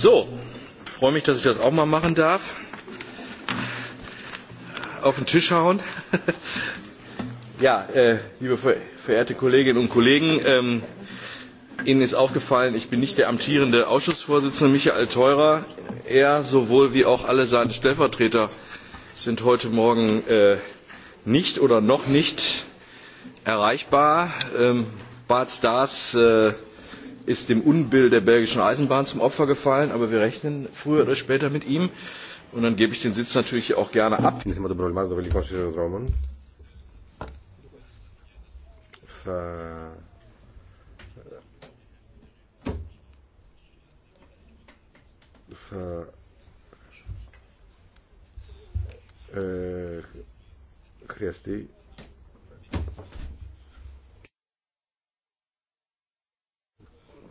So, ich freue mich, dass ich das auch mal machen darf. Auf den Tisch hauen. Ja, liebe verehrte Kolleginnen und Kollegen, Ihnen ist aufgefallen, ich bin nicht der amtierende Ausschussvorsitzende Michael Theurer. Er sowohl wie auch alle seine Stellvertreter sind heute Morgen nicht oder noch nicht erreichbar. Bart Stars ist dem Unbill der belgischen Eisenbahn zum Opfer gefallen, aber wir rechnen früher oder später mit ihm. Und dann gebe ich den Sitz natürlich auch gerne ab.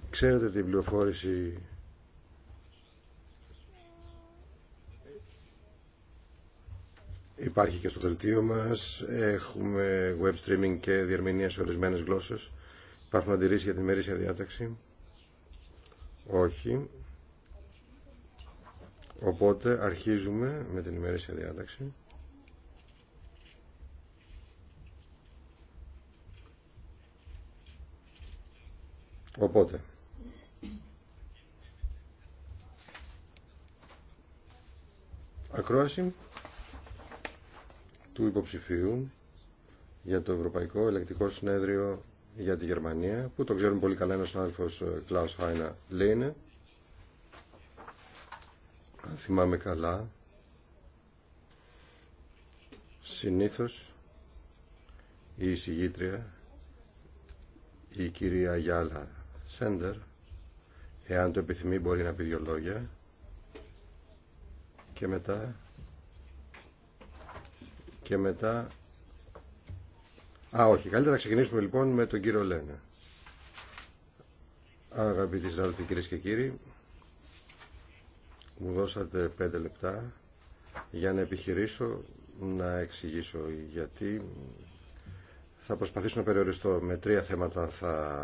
Ξέρετε την πληροφόρηση υπάρχει και στο δελτίο μας. Έχουμε web streaming και διερμηνία σε ορισμένες γλώσσες. Υπάρχουν αντιρρήσεις για την ημερήσια διάταξη. Όχι. Οπότε αρχίζουμε με την ημερήσια διάταξη. Οπότε, ακρόαση του υποψηφίου για το Ευρωπαϊκό Ελεκτικό Συνέδριο για τη Γερμανία, που το ξέρουμε πολύ καλά, είναι ο συνάδελφος ε, Κλάους Χάινα Λέινε. Αν θυμάμαι καλά, συνήθως η εισηγήτρια, η κυρία Γιάλα Σέντερ, εάν το επιθυμεί μπορεί να πει δυο λόγια και μετά και μετά α όχι καλύτερα να ξεκινήσουμε λοιπόν με τον κύριο Λένε αγαπητοί συνάδελφοι κυρίες και κύριοι μου δώσατε πέντε λεπτά για να επιχειρήσω να εξηγήσω γιατί θα προσπαθήσω να περιοριστώ με τρία θέματα θα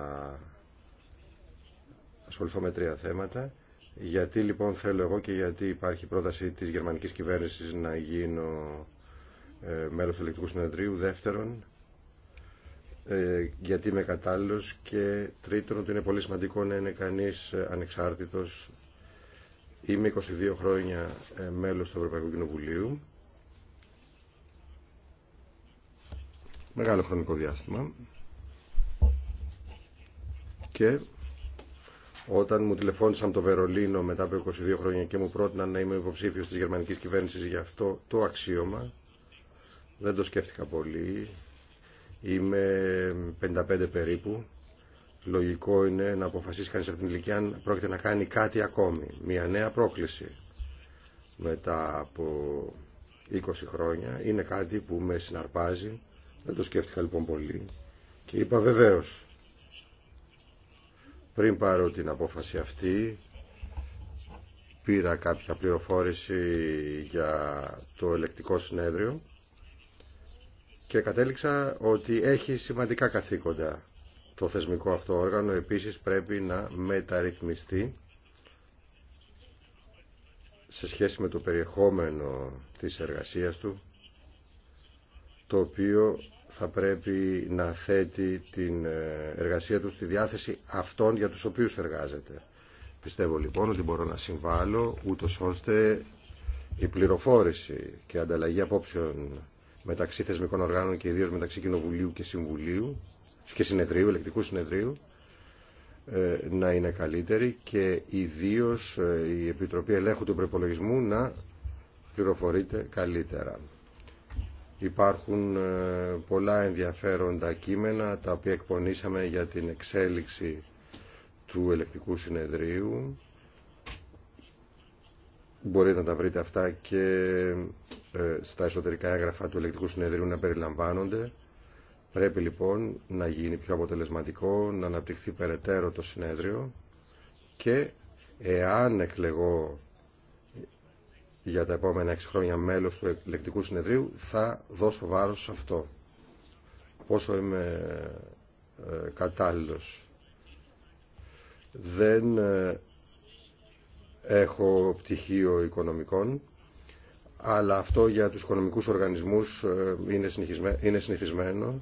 ασχοληθώ με τρία θέματα γιατί λοιπόν θέλω εγώ και γιατί υπάρχει πρόταση της γερμανικής κυβέρνησης να γίνω ε, μέλος του ηλεκτρικού συνεδρίου. Δεύτερον, ε, γιατί είμαι κατάλληλος και τρίτον ότι είναι πολύ σημαντικό να είναι κανείς ανεξάρτητος. Είμαι 22 χρόνια ε, μέλος του Ευρωπαϊκού Κοινοβουλίου. Μεγάλο χρονικό διάστημα. Και όταν μου τηλεφώνησαν το Βερολίνο μετά από 22 χρόνια και μου πρότειναν να είμαι υποψήφιο τη γερμανική κυβέρνηση για αυτό το αξίωμα, δεν το σκέφτηκα πολύ. Είμαι 55 περίπου. Λογικό είναι να αποφασίσει κανείς από την ηλικία αν πρόκειται να κάνει κάτι ακόμη. Μια νέα πρόκληση μετά από 20 χρόνια. Είναι κάτι που με συναρπάζει. Δεν το σκέφτηκα λοιπόν πολύ. Και είπα βεβαίως πριν πάρω την απόφαση αυτή, πήρα κάποια πληροφόρηση για το ελεκτικό συνέδριο και κατέληξα ότι έχει σημαντικά καθήκοντα το θεσμικό αυτό όργανο. Επίσης πρέπει να μεταρρυθμιστεί σε σχέση με το περιεχόμενο της εργασίας του το οποίο θα πρέπει να θέτει την ε, εργασία του στη διάθεση αυτών για τους οποίους εργάζεται. Πιστεύω λοιπόν ότι μπορώ να συμβάλλω ούτω ώστε η πληροφόρηση και η ανταλλαγή απόψεων μεταξύ θεσμικών οργάνων και ιδίως μεταξύ Κοινοβουλίου και Συμβουλίου και Συνεδρίου, Ελεκτικού Συνεδρίου ε, να είναι καλύτερη και ιδίως ε, η Επιτροπή Ελέγχου του Προπολογισμού να πληροφορείται καλύτερα. Υπάρχουν ε, πολλά ενδιαφέροντα κείμενα τα οποία εκπονήσαμε για την εξέλιξη του ελεκτικού συνεδρίου. Μπορείτε να τα βρείτε αυτά και ε, στα εσωτερικά έγγραφα του ελεκτικού συνεδρίου να περιλαμβάνονται. Πρέπει λοιπόν να γίνει πιο αποτελεσματικό, να αναπτυχθεί περαιτέρω το συνέδριο και εάν εκλεγώ για τα επόμενα 6 χρόνια μέλος του Ελεκτικού Συνεδρίου, θα δώσω βάρος σε αυτό. Πόσο είμαι ε, κατάλληλος. Δεν ε, έχω πτυχίο οικονομικών, αλλά αυτό για τους οικονομικούς οργανισμούς ε, είναι συνηθισμένο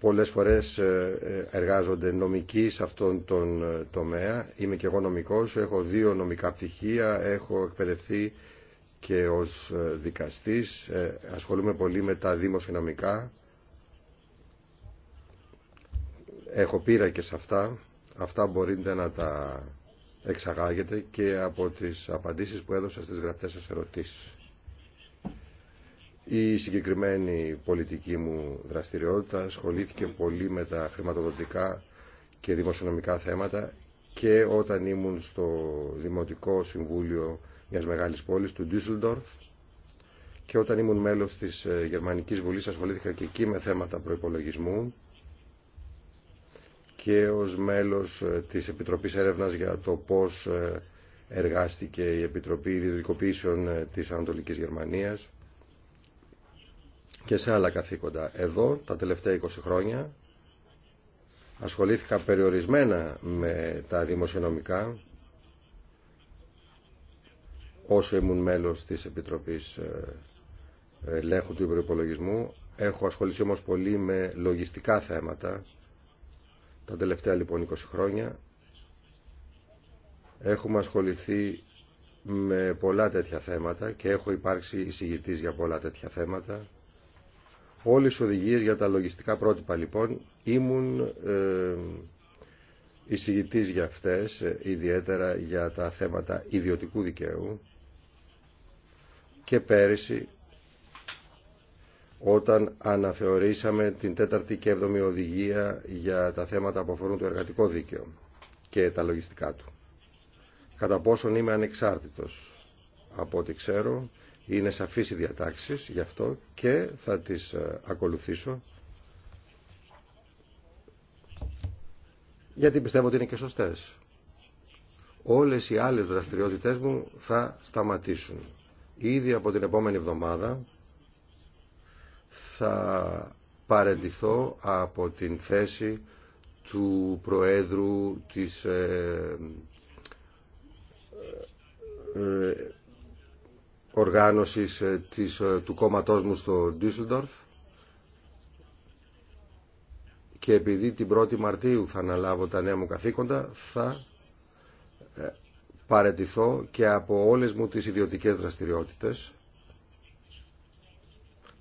πολλές φορές ε, ε, εργάζονται νομικοί σε αυτόν τον ε, τομέα. Είμαι και εγώ νομικός, έχω δύο νομικά πτυχία, έχω εκπαιδευτεί και ως δικαστής. Ασχολούμαι πολύ με τα δημοσιονομικά. Έχω πείρα και σε αυτά. Αυτά μπορείτε να τα εξαγάγετε και από τις απαντήσεις που έδωσα στις γραπτές σας ερωτήσεις. Η συγκεκριμένη πολιτική μου δραστηριότητα ασχολήθηκε πολύ με τα χρηματοδοτικά και δημοσιονομικά θέματα και όταν ήμουν στο Δημοτικό Συμβούλιο μιας μεγάλης πόλης του Ντίσσελντορφ και όταν ήμουν μέλος της ε, Γερμανικής Βουλής ασχολήθηκα και εκεί με θέματα προϋπολογισμού και ως μέλος ε, της Επιτροπής Έρευνας για το πώς ε, εργάστηκε η Επιτροπή Ιδιωτικοποίησεων της Ανατολικής Γερμανίας και σε άλλα καθήκοντα. Εδώ τα τελευταία 20 χρόνια ασχολήθηκα περιορισμένα με τα δημοσιονομικά όσο ήμουν μέλος της Επιτροπής ε, Ελέγχου του Υπεροπολογισμού. Έχω ασχοληθεί όμως πολύ με λογιστικά θέματα τα τελευταία λοιπόν 20 χρόνια. Έχουμε ασχοληθεί με πολλά τέτοια θέματα και έχω υπάρξει εισηγητής για πολλά τέτοια θέματα όλες τις οδηγίες για τα λογιστικά πρότυπα λοιπόν ήμουν ε, εισηγητής για αυτές, ε, ιδιαίτερα για τα θέματα ιδιωτικού δικαίου και πέρυσι όταν αναθεωρήσαμε την τέταρτη και έβδομη οδηγία για τα θέματα που αφορούν το εργατικό δίκαιο και τα λογιστικά του. Κατά πόσον είμαι ανεξάρτητος από ό,τι ξέρω, είναι σαφείς οι διατάξεις γι' αυτό και θα τις ε, ακολουθήσω γιατί πιστεύω ότι είναι και σωστές. Όλες οι άλλες δραστηριότητες μου θα σταματήσουν. Ήδη από την επόμενη εβδομάδα θα παρεντηθώ από την θέση του Προέδρου της ε, ε, οργάνωσης ε, της, ε, του κόμματός μου στο Ντίσσελντορφ και επειδή την 1η Μαρτίου θα αναλάβω τα νέα μου καθήκοντα θα ε, παρετηθώ και από όλες μου τις ιδιωτικές δραστηριότητες.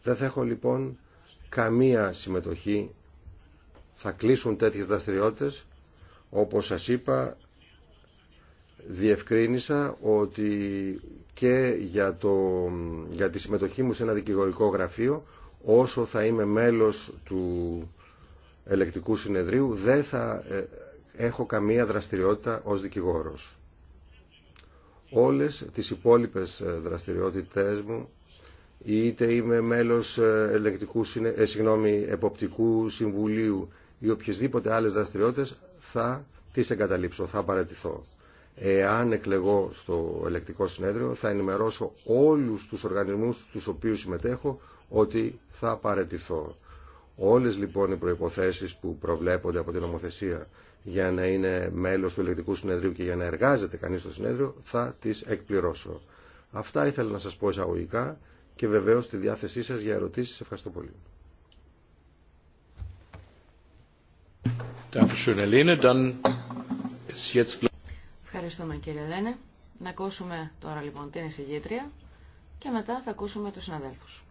Δεν θα έχω λοιπόν καμία συμμετοχή. Θα κλείσουν τέτοιες δραστηριότητες. Όπως σας είπα διευκρίνησα ότι και για, το, για τη συμμετοχή μου σε ένα δικηγορικό γραφείο όσο θα είμαι μέλος του ελεκτικού συνεδρίου δεν θα ε, έχω καμία δραστηριότητα ως δικηγόρος. Όλες τις υπόλοιπες ε, δραστηριότητες μου είτε είμαι μέλος ε, ελεκτικού, ε, συγγνώμη, εποπτικού συμβουλίου ή οποιασδήποτε άλλες δραστηριότητες θα τις εγκαταλείψω, θα παρατηθώ. Εάν εκλεγώ στο ελεκτικό συνέδριο θα ενημερώσω όλους τους οργανισμούς στους οποίους συμμετέχω ότι θα παρετηθώ. Όλες λοιπόν οι προϋποθέσεις που προβλέπονται από την νομοθεσία για να είναι μέλος του ελεκτικού συνεδρίου και για να εργάζεται κανείς στο συνέδριο θα τις εκπληρώσω. Αυτά ήθελα να σας πω εισαγωγικά και βεβαίως στη διάθεσή σας για ερωτήσεις. Ευχαριστώ πολύ. Ευχαριστούμε κύριε Λένε. Να ακούσουμε τώρα λοιπόν την εισηγήτρια και μετά θα ακούσουμε τους συναδέλφους.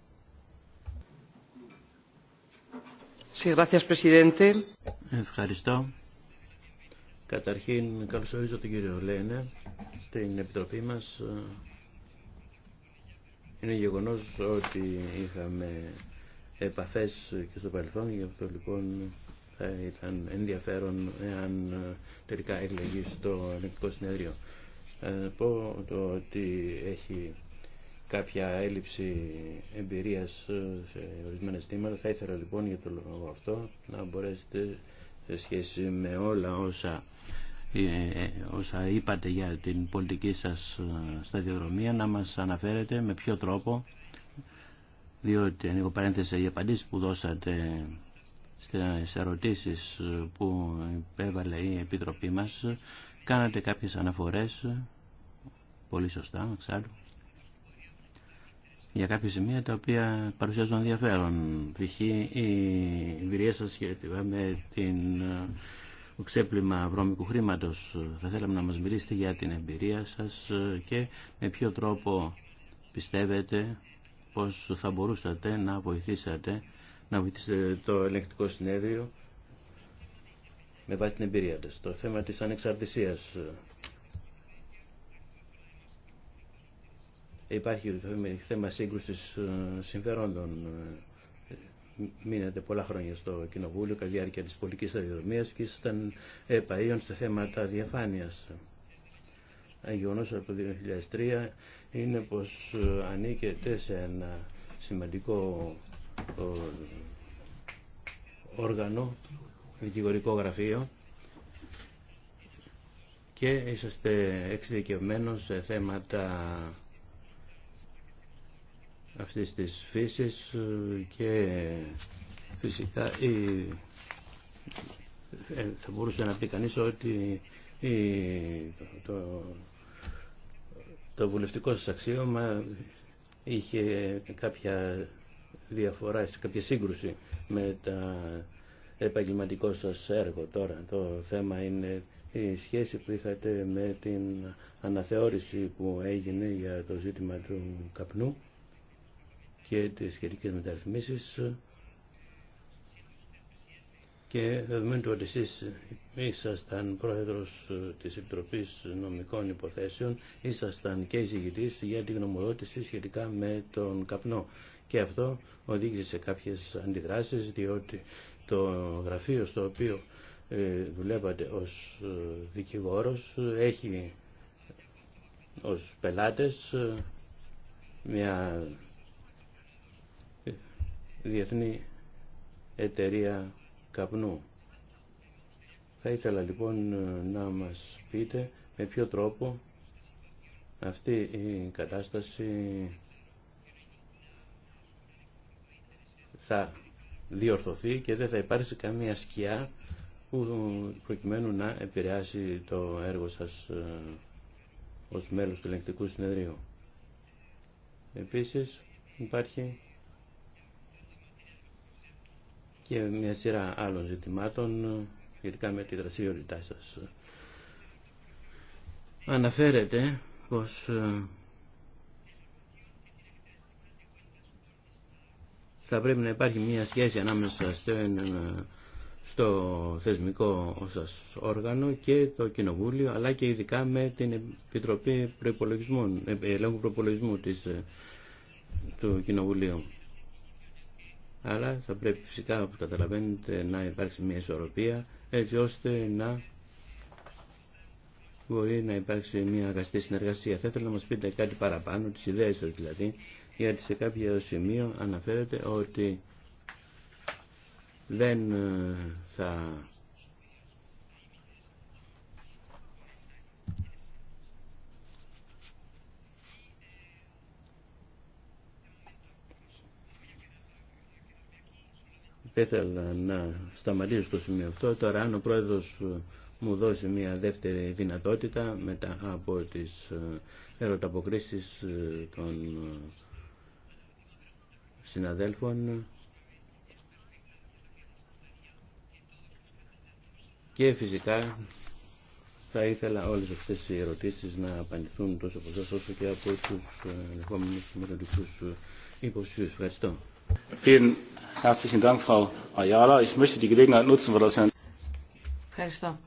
Ευχαριστώ. Καταρχήν καλωσορίζω τον κύριο Λένε στην Επιτροπή μας. Είναι γεγονός ότι είχαμε επαφές και στο παρελθόν, γι' αυτό λοιπόν θα ε, ήταν ενδιαφέρον εάν ε, τελικά εκλεγεί στο ελληνικό συνέδριο. Ε, πω το ότι έχει κάποια έλλειψη εμπειρίας σε ορισμένα στήματα. Θα ήθελα λοιπόν για το λόγο αυτό να μπορέσετε σε σχέση με όλα όσα, όσα είπατε για την πολιτική σας σταδιοδρομία να μας αναφέρετε με ποιο τρόπο διότι ανοίγω παρένθεση οι απαντήσεις που δώσατε στις ερωτήσεις που έβαλε η Επιτροπή μας κάνατε κάποιες αναφορές πολύ σωστά εξάλλου για κάποια σημεία τα οποία παρουσιάζουν ενδιαφέρον π.χ. η εμπειρία σας σχετικά με την το ξέπλυμα βρώμικου χρήματος. Θα θέλαμε να μας μιλήσετε για την εμπειρία σας και με ποιο τρόπο πιστεύετε πως θα μπορούσατε να βοηθήσατε να βοηθήσετε το ελεγκτικό συνέδριο με βάση την εμπειρία της. Το θέμα της ανεξαρτησίας. Ε, υπάρχει θέμα σύγκρουσης ε, συμφερόντων. Ε, Μείνετε πολλά χρόνια στο Κοινοβούλιο κατά διάρκεια της πολιτικής αδειοδομίας και ήσασταν επαΐων σε θέματα διαφάνειας. Γεγονός από το 2003 είναι πως ανήκετε σε ένα σημαντικό όργανο, δικηγορικό γραφείο και είσαστε εξειδικευμένος σε θέματα αυτής της φύσης και φυσικά η... Ε, θα μπορούσε να πει κανείς ότι το... το βουλευτικό σας αξίωμα είχε κάποια διαφορά, σε κάποια σύγκρουση με τα επαγγελματικό σας έργο τώρα. Το θέμα είναι η σχέση που είχατε με την αναθεώρηση που έγινε για το ζήτημα του καπνού και τις σχετικές μεταρρυθμίσεις και δεδομένου ότι εσείς ήσασταν πρόεδρος ε, της Επιτροπής Νομικών Υποθέσεων, ήσασταν και εισηγητής για την γνωμοδότηση σχετικά με τον καπνό. Και αυτό οδήγησε σε κάποιες αντιδράσεις, διότι το γραφείο στο οποίο ε, δουλεύατε ως ε, δικηγόρος έχει ως πελάτες μια διεθνή εταιρεία καπνού. Θα ήθελα λοιπόν να μας πείτε με ποιο τρόπο αυτή η κατάσταση θα διορθωθεί και δεν θα υπάρξει καμία σκιά που προκειμένου να επηρεάσει το έργο σας ε, ως μέλος του ελεγκτικού συνεδρίου. Επίσης υπάρχει και μια σειρά άλλων ζητημάτων ειδικά με τη δραστηριότητά σας. Αναφέρεται πως ε, θα πρέπει να υπάρχει μια σχέση ανάμεσα στο θεσμικό σας όργανο και το Κοινοβούλιο αλλά και ειδικά με την Επιτροπή Προπολογισμού, ε, Ελέγχου Προπολογισμού της, ε, του Κοινοβουλίου αλλά θα πρέπει φυσικά όπως καταλαβαίνετε να υπάρξει μια ισορροπία έτσι ώστε να μπορεί να υπάρξει μια αγαστή συνεργασία. Θα ήθελα να μας πείτε κάτι παραπάνω, τις ιδέες σας δηλαδή, γιατί σε κάποιο σημείο αναφέρεται ότι δεν ε, θα Θα ήθελα να σταματήσω στο σημείο αυτό. Τώρα, αν ο Πρόεδρος ε, μου δώσει μια δεύτερη δυνατότητα μετά από τις ε, ερωταποκρίσεις ε, των συναδέλφων και φυσικά θα ήθελα όλες αυτές οι ερωτήσεις να απαντηθούν τόσο από όσο και από τους ενδεχόμενους μεταδικούς υποψηφίους. Ευχαριστώ. Ευχαριστώ.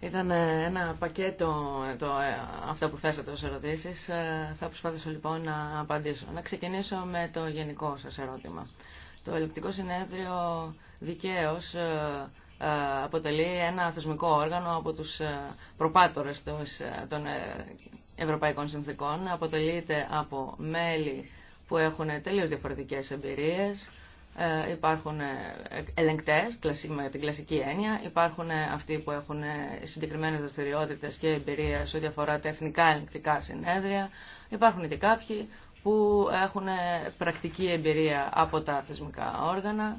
Ήταν ε, ένα πακέτο ε, το, ε, αυτά που θέσατε ως ερωτήσεις. Θα προσπαθήσω λοιπόν να απαντήσω. Να ξεκινήσω με το γενικό σας ερώτημα. Το ελεκτικό συνέδριο δικαίως αποτελεί ένα θεσμικό όργανο από τους προπάτορες των Ευρωπαϊκών Συνθήκων. Αποτελείται από μέλη που έχουν τελείως διαφορετικές εμπειρίες, ε, υπάρχουν ε, ελεγκτές με την κλασική έννοια, υπάρχουν ε, αυτοί που έχουν συγκεκριμένες δραστηριότητε και εμπειρία σε ό,τι αφορά τα εθνικά ελεγκτικά συνέδρια, υπάρχουν και κάποιοι που έχουν πρακτική εμπειρία από τα θεσμικά όργανα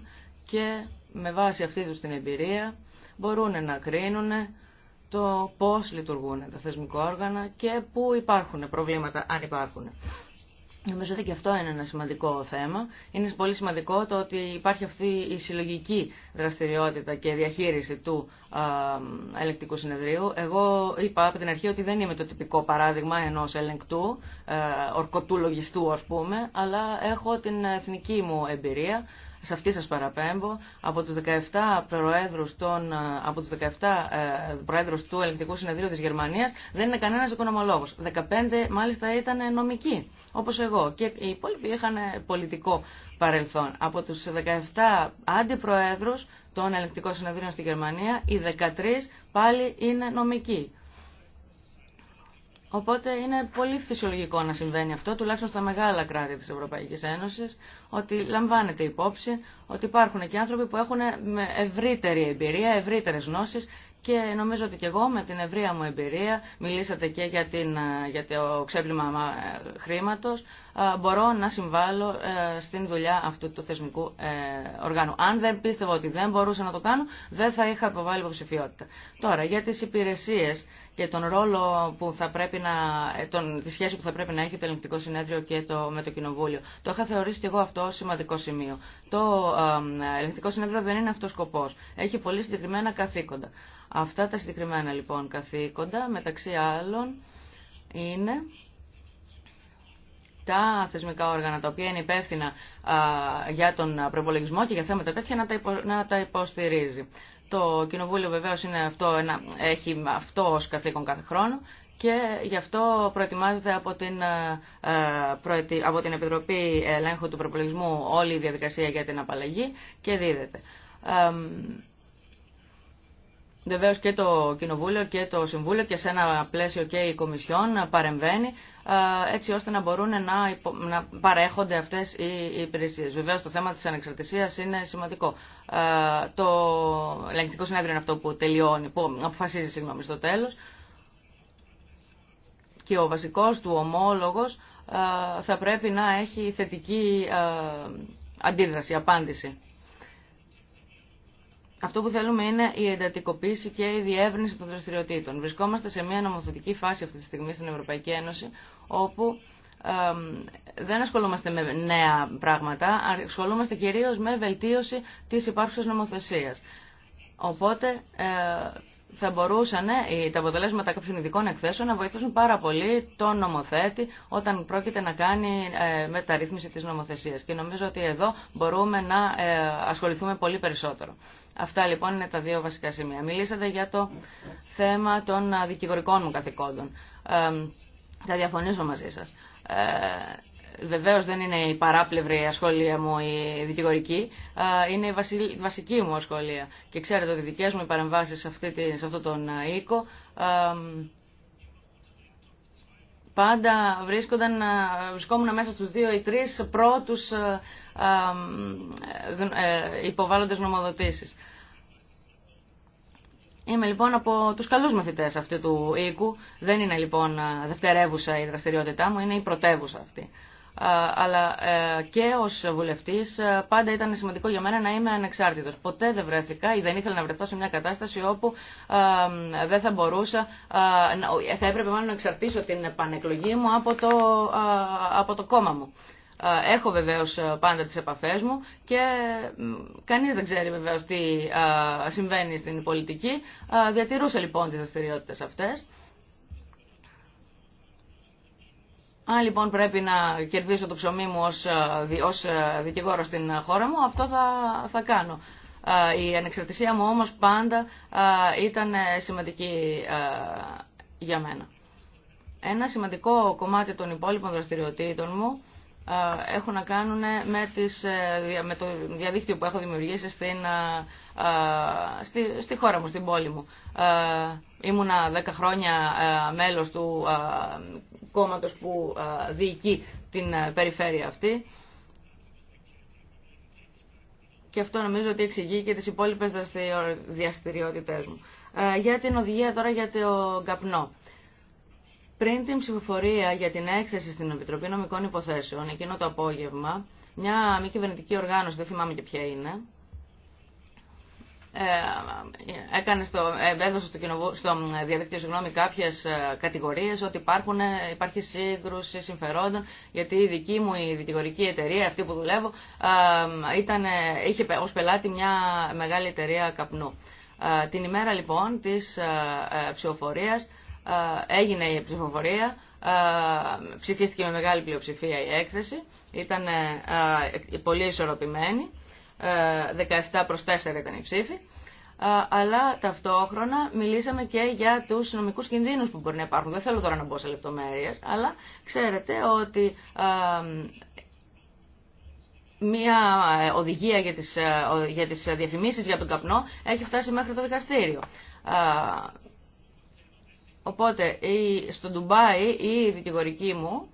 και με βάση αυτή τους την εμπειρία μπορούν να κρίνουν το πώς λειτουργούν τα θεσμικό όργανα και πού υπάρχουν προβλήματα, αν υπάρχουν. Νομίζω ότι και αυτό είναι ένα σημαντικό θέμα. Είναι πολύ σημαντικό το ότι υπάρχει αυτή η συλλογική δραστηριότητα και διαχείριση του ελεκτικού συνεδρίου. Εγώ είπα από την αρχή ότι δεν είμαι το τυπικό παράδειγμα ενός ελεγκτού, ορκωτού λογιστού α πούμε, αλλά έχω την εθνική μου εμπειρία σε αυτή σας παραπέμπω, από τους 17 προέδρους, των, ε, από τους 17 ε, προέδρους του Ελεκτικού Συνεδρίου της Γερμανίας δεν είναι κανένας οικονομολόγος. 15 μάλιστα ήταν νομικοί, όπως εγώ. Και οι υπόλοιποι είχαν πολιτικό παρελθόν. Από τους 17 αντιπροέδρους των Ελεκτικών Συνεδρίων στη Γερμανία, οι 13 πάλι είναι νομικοί. Οπότε είναι πολύ φυσιολογικό να συμβαίνει αυτό, τουλάχιστον στα μεγάλα κράτη της Ευρωπαϊκής Ένωσης, ότι λαμβάνεται υπόψη ότι υπάρχουν και άνθρωποι που έχουν ευρύτερη εμπειρία, ευρύτερες γνώσεις και νομίζω ότι και εγώ με την ευρεία μου εμπειρία, μιλήσατε και για, την, ε, για το ξέπλυμα ε, χρήματος, ε, μπορώ να συμβάλλω στην δουλειά αυτού του θεσμικού οργάνου. Αν δεν πίστευα ότι δεν μπορούσα να το κάνω, δεν θα είχα υποβάλει υποψηφιότητα. Τώρα, για τις υπηρεσίες και τον ρόλο που θα πρέπει να, τον, τη σχέση που θα πρέπει να έχει το ελεγκτικό συνέδριο και το, με το κοινοβούλιο. Το είχα θεωρήσει και εγώ αυτό σημαντικό σημείο. Το ελεγκτικό συνέδριο δεν είναι ο σκοπός. Έχει πολύ συγκεκριμένα καθήκοντα. Αυτά τα συγκεκριμένα λοιπόν καθήκοντα, μεταξύ άλλων, είναι τα θεσμικά όργανα τα οποία είναι υπεύθυνα για τον προπολογισμό και για θέματα τέτοια να τα, να τα υποστηρίζει. Το Κοινοβούλιο βεβαίως είναι αυτό, έχει αυτό ως καθήκον κάθε χρόνο και γι' αυτό προετοιμάζεται από την, από την Επιτροπή Ελέγχου του Προπολογισμού όλη η διαδικασία για την απαλλαγή και δίδεται. Βεβαίω και το Κοινοβούλιο και το Συμβούλιο και σε ένα πλαίσιο και η Κομισιόν παρεμβαίνει ε, έτσι ώστε να μπορούν να, να παρέχονται αυτές οι υπηρεσίες. Βεβαίως το θέμα της ανεξαρτησίας είναι σημαντικό. Ε, το ελεγκτικό συνέδριο είναι αυτό που τελειώνει, που αποφασίζει συγγνώμη, στο τέλος και ο βασικός του ομόλογος ε, θα πρέπει να έχει θετική αντίδραση, απάντηση. Αυτό που θέλουμε είναι η εντατικοποίηση και η διεύρυνση των δραστηριοτήτων. Βρισκόμαστε σε μια νομοθετική φάση αυτή τη στιγμή στην Ευρωπαϊκή Ένωση, όπου δεν ασχολούμαστε με νέα πράγματα, ασχολούμαστε κυρίως με βελτίωση της υπάρχουσας νομοθεσίας. Οπότε ε, θα μπορούσαν ε, τα αποτελέσματα κάποιων ειδικών εκθέσεων να βοηθήσουν πάρα πολύ τον νομοθέτη όταν πρόκειται να κάνει ε, μεταρρύθμιση της νομοθεσίας. Και νομίζω ότι εδώ μπορούμε να ε, ασχοληθούμε πολύ περισσότερο. Αυτά λοιπόν είναι τα δύο βασικά σημεία. Μιλήσατε για το θέμα των δικηγορικών μου καθηκόντων. Θα διαφωνήσω μαζί σας. Βεβαίω δεν είναι η παράπλευρη ασχολία μου η δικηγορική, είναι η βασική μου ασχολία. Και ξέρετε ότι οι δικέ μου παρεμβάσει σε, σε αυτόν τον οίκο πάντα βρίσκονταν, βρισκόμουν μέσα στους δύο ή τρεις πρώτους ε, υποβάλλοντες νομοδοτήσεις. Είμαι λοιπόν από τους καλούς μαθητές αυτού του οίκου. Δεν είναι λοιπόν δευτερεύουσα η δραστηριότητά μου, είναι η πρωτεύουσα αυτή αλλά ε, και ως βουλευτής ε, πάντα ήταν σημαντικό για μένα να είμαι ανεξάρτητο. Ποτέ δεν βρέθηκα ή δεν ήθελα να βρεθώ σε μια κατάσταση όπου δεν θα μπορούσα, θα έπρεπε μάλλον να εξαρτήσω την επανεκλογή μου από το, από το κόμμα μου. Έχω βεβαίως ε, πάντα τις επαφές μου και κανείς δεν ξέρει βεβαίως τι συμβαίνει στην πολιτική. Διατηρούσα λοιπόν τις δραστηριότητε αυτές. Αν λοιπόν πρέπει να κερδίσω το ψωμί μου ως, ε, ως ε, δικηγόρο στην χώρα μου, αυτό θα, θα κάνω. Ε, η ανεξαρτησία μου όμως πάντα ήταν σημαντική για μένα. Ένα σημαντικό κομμάτι των υπόλοιπων δραστηριοτήτων μου έχουν να κάνουν με, τις, ε, με το διαδίκτυο που έχω δημιουργήσει στην, στη, στη χώρα μου, στην πόλη μου. Ήμουνα δέκα χρόνια μέλος του κόμματος που διοικεί την ε, περιφέρεια αυτή. Και αυτό νομίζω ότι εξηγεί και τις υπόλοιπες δραστηριότητές μου. Για την οδηγία τώρα για το καπνό. Πριν την ψηφοφορία για την έκθεση στην Επιτροπή Νομικών Υποθέσεων, εκείνο το απόγευμα, μια μη κυβερνητική οργάνωση, δεν θυμάμαι και ποια είναι, ε, έκανε στο, ε, έδωσε στο, στο ε, διαδικτύο συγγνώμη, κάποιες κατηγορίες ότι υπάρχουν, υπάρχει σύγκρουση συμφερόντων γιατί η δική μου η δικηγορική εταιρεία, αυτή που δουλεύω, ήταν, είχε ως πελάτη μια μεγάλη εταιρεία καπνού. Την ημέρα λοιπόν της ψηφοφορίας έγινε η ψηφοφορία, ψηφίστηκε με μεγάλη πλειοψηφία η έκθεση, ήταν ε, πολύ ισορροπημένη, 17 προς 4 ήταν η ψήφη, αλλά ταυτόχρονα μιλήσαμε και για τους νομικούς κινδύνους που μπορεί να υπάρχουν. Δεν θέλω τώρα να μπω σε λεπτομέρειες, αλλά ξέρετε ότι μια οδηγία για τις, ε, για τις διαφημίσεις για τον καπνό έχει φτάσει μέχρι το δικαστήριο. Οπότε στο Ντουμπάι η δικηγορική μου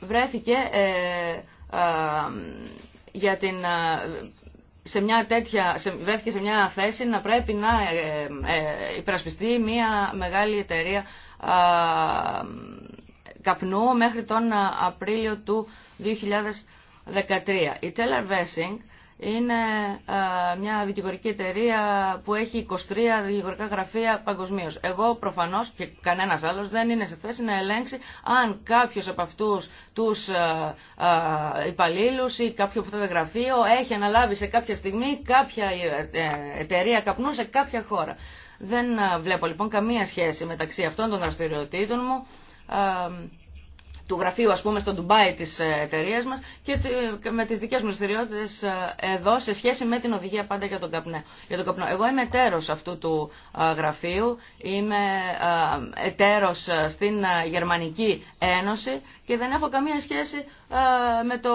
βρέθηκε ε, ε, για την, ε, σε μια τέτοια, σε, βρέθηκε σε μια θέση να πρέπει να ε, υπερασπιστεί μια μεγάλη εταιρεία καπνού μέχρι τον Απρίλιο του 2013. Η Teller είναι ε, μια δικηγορική εταιρεία που έχει 23 δικηγορικά γραφεία παγκοσμίω. Εγώ προφανώς και κανένας άλλος δεν είναι σε θέση να ελέγξει αν κάποιος από αυτούς τους ε, ε, υπαλλήλους ή κάποιο από αυτό το γραφείο έχει αναλάβει σε κάποια στιγμή κάποια εταιρεία καπνού σε κάποια χώρα. Δεν βλέπω λοιπόν καμία σχέση μεταξύ αυτών των δραστηριοτήτων μου του γραφείου ας πούμε στο Ντουμπάι της ε, εταιρεία μας και με τις δικές μου δραστηριότητε ε, εδώ σε σχέση με την οδηγία πάντα για τον, καπνέ, για τον καπνό. Εγώ είμαι εταίρος αυτού του ε, γραφείου, είμαι εταίρος στην Γερμανική Ένωση και δεν έχω καμία σχέση με, το,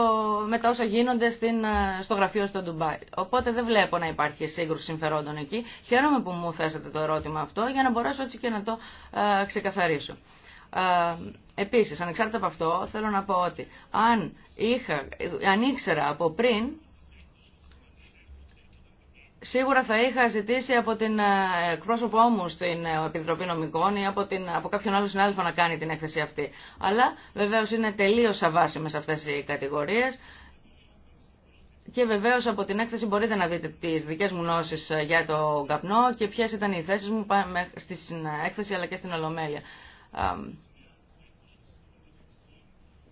τα όσα γίνονται στην, στο γραφείο στο Ντουμπάι. Οπότε δεν βλέπω να υπάρχει σύγκρουση συμφερόντων εκεί. Χαίρομαι που μου θέσατε το ερώτημα αυτό για να μπορέσω έτσι και να το ξεκαθαρίσω. Επίσης, ανεξάρτητα από αυτό, θέλω να πω ότι αν, είχα, αν ήξερα από πριν, σίγουρα θα είχα ζητήσει από την εκπρόσωπό μου στην Επιτροπή Νομικών ή από, την, από κάποιον άλλο συνάδελφο να κάνει την έκθεση αυτή. Αλλά βεβαίως είναι τελείως αβάσιμες αυτές οι κατηγορίες. Και βεβαίω από την έκθεση μπορείτε να δείτε τι δικέ μου γνώσει για το καπνό και ποιε ήταν οι θέσει μου στην έκθεση αλλά και στην Ολομέλεια.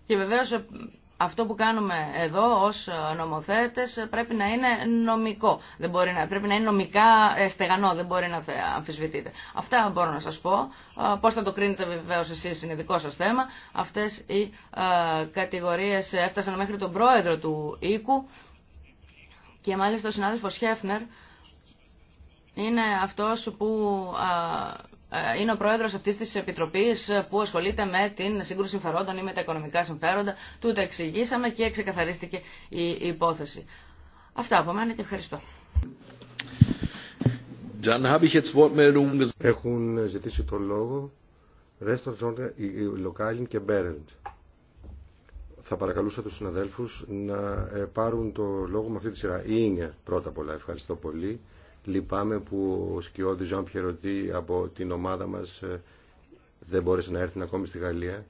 Και βεβαίως ε, αυτό που κάνουμε εδώ ως ε, νομοθέτες ε, πρέπει να είναι νομικό. Δεν μπορεί να, πρέπει να είναι νομικά στεγανό, δεν μπορεί να αμφισβητείτε. Αυτά μπορώ να σας πω. Πώς θα το κρίνετε βεβαίως εσείς είναι δικό σας θέμα. Αυτές οι κατηγορίες έφτασαν μέχρι τον πρόεδρο του οίκου και μάλιστα ο συνάδελφος Χέφνερ είναι αυτός που ε, είναι ο πρόεδρο αυτή τη επιτροπή ε, που ασχολείται με την σύγκρουση συμφερόντων ή με τα οικονομικά συμφέροντα. Του τα εξηγήσαμε και ξεκαθαρίστηκε η υπόθεση. Αυτά από μένα και ευχαριστώ. Έχουν ζητήσει το λόγο Ρέστορ Λοκάλιν και Μπέρεντ. Θα παρακαλούσα τους συναδέλφους να ε, πάρουν το λόγο με αυτή τη σειρά. Είναι πρώτα απ' όλα. Ευχαριστώ πολύ. Λυπάμαι που ο Σκιώδη Ζαν Πιερωτή από την ομάδα μας ε, δεν μπόρεσε να έρθει ακόμη στη Γαλλία,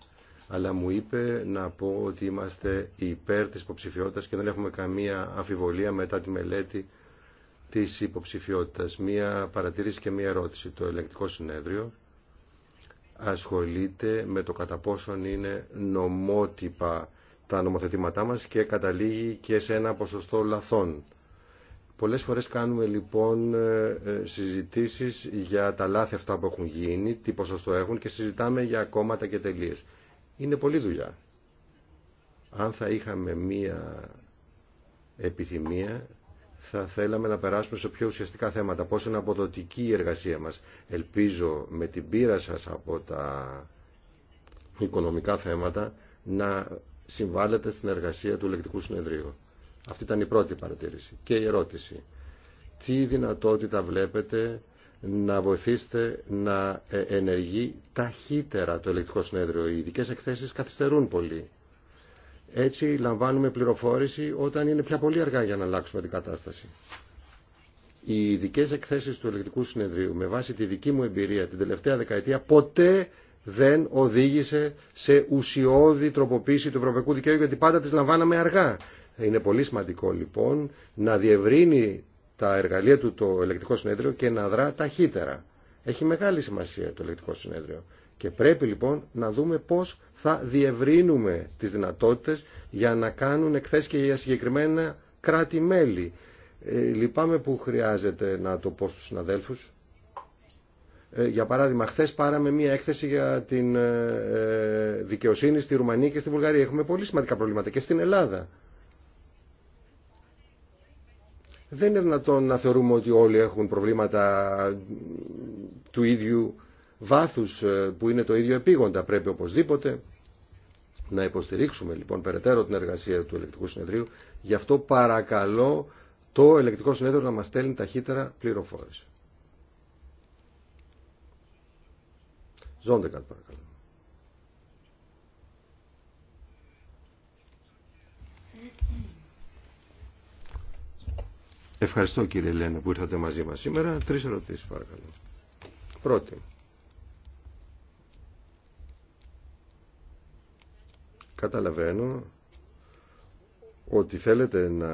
αλλά μου είπε να πω ότι είμαστε υπέρ της υποψηφιότητας και δεν έχουμε καμία αμφιβολία μετά τη μελέτη της υποψηφιότητας. Μία παρατήρηση και μία ερώτηση. Το ελεκτικό συνέδριο ασχολείται με το κατά πόσον είναι νομότυπα τα νομοθετήματά μας και καταλήγει και σε ένα ποσοστό λαθών. Πολλές φορές κάνουμε λοιπόν ε, ε, συζητήσεις για τα λάθη αυτά που έχουν γίνει, τι ποσοστό έχουν και συζητάμε για κόμματα και τελείες. Είναι πολλή δουλειά. Αν θα είχαμε μία επιθυμία θα θέλαμε να περάσουμε σε πιο ουσιαστικά θέματα. Πώς είναι αποδοτική η εργασία μας. Ελπίζω με την πείρα σας από τα οικονομικά θέματα να συμβάλλετε στην εργασία του Ελεκτικού Συνεδρίου. Αυτή ήταν η πρώτη παρατήρηση. Και η ερώτηση. Τι δυνατότητα βλέπετε να βοηθήσετε να ε, ενεργεί ταχύτερα το ελεκτικό συνέδριο. Οι ειδικέ εκθέσεις καθυστερούν πολύ. Έτσι λαμβάνουμε πληροφόρηση όταν είναι πια πολύ αργά για να αλλάξουμε την κατάσταση. Οι ειδικέ εκθέσεις του ελεκτικού συνεδρίου με βάση τη δική μου εμπειρία την τελευταία δεκαετία ποτέ δεν οδήγησε σε ουσιώδη τροποποίηση του ευρωπαϊκού δικαίου γιατί πάντα τις λαμβάναμε αργά. Είναι πολύ σημαντικό λοιπόν να διευρύνει τα εργαλεία του το ελεκτικό συνέδριο και να δρά ταχύτερα. Έχει μεγάλη σημασία το ελεκτικό συνέδριο. Και πρέπει λοιπόν να δούμε πώς θα διευρύνουμε τις δυνατότητες για να κάνουν εκθέσεις και για συγκεκριμένα κράτη-μέλη. Ε, λυπάμαι που χρειάζεται να το πω στους συναδέλφους. Ε, για παράδειγμα, χθε πάραμε μία έκθεση για την ε, ε, δικαιοσύνη στη Ρουμανία και στη Βουλγαρία. Έχουμε πολύ σημαντικά προβλήματα και στην Ελλάδα. Δεν είναι δυνατόν να θεωρούμε ότι όλοι έχουν προβλήματα του ίδιου βάθους ε, που είναι το ίδιο επίγοντα. Πρέπει οπωσδήποτε να υποστηρίξουμε λοιπόν περαιτέρω την εργασία του ελεκτικού συνεδρίου. Γι' αυτό παρακαλώ το ελεκτικό συνέδριο να μας στέλνει ταχύτερα πληροφόρηση. Ζώντε κάτι παρακαλώ. Ευχαριστώ κύριε Λένα, που ήρθατε μαζί μας σήμερα. Τρεις ερωτήσεις παρακαλώ. Πρώτη. Καταλαβαίνω ότι θέλετε να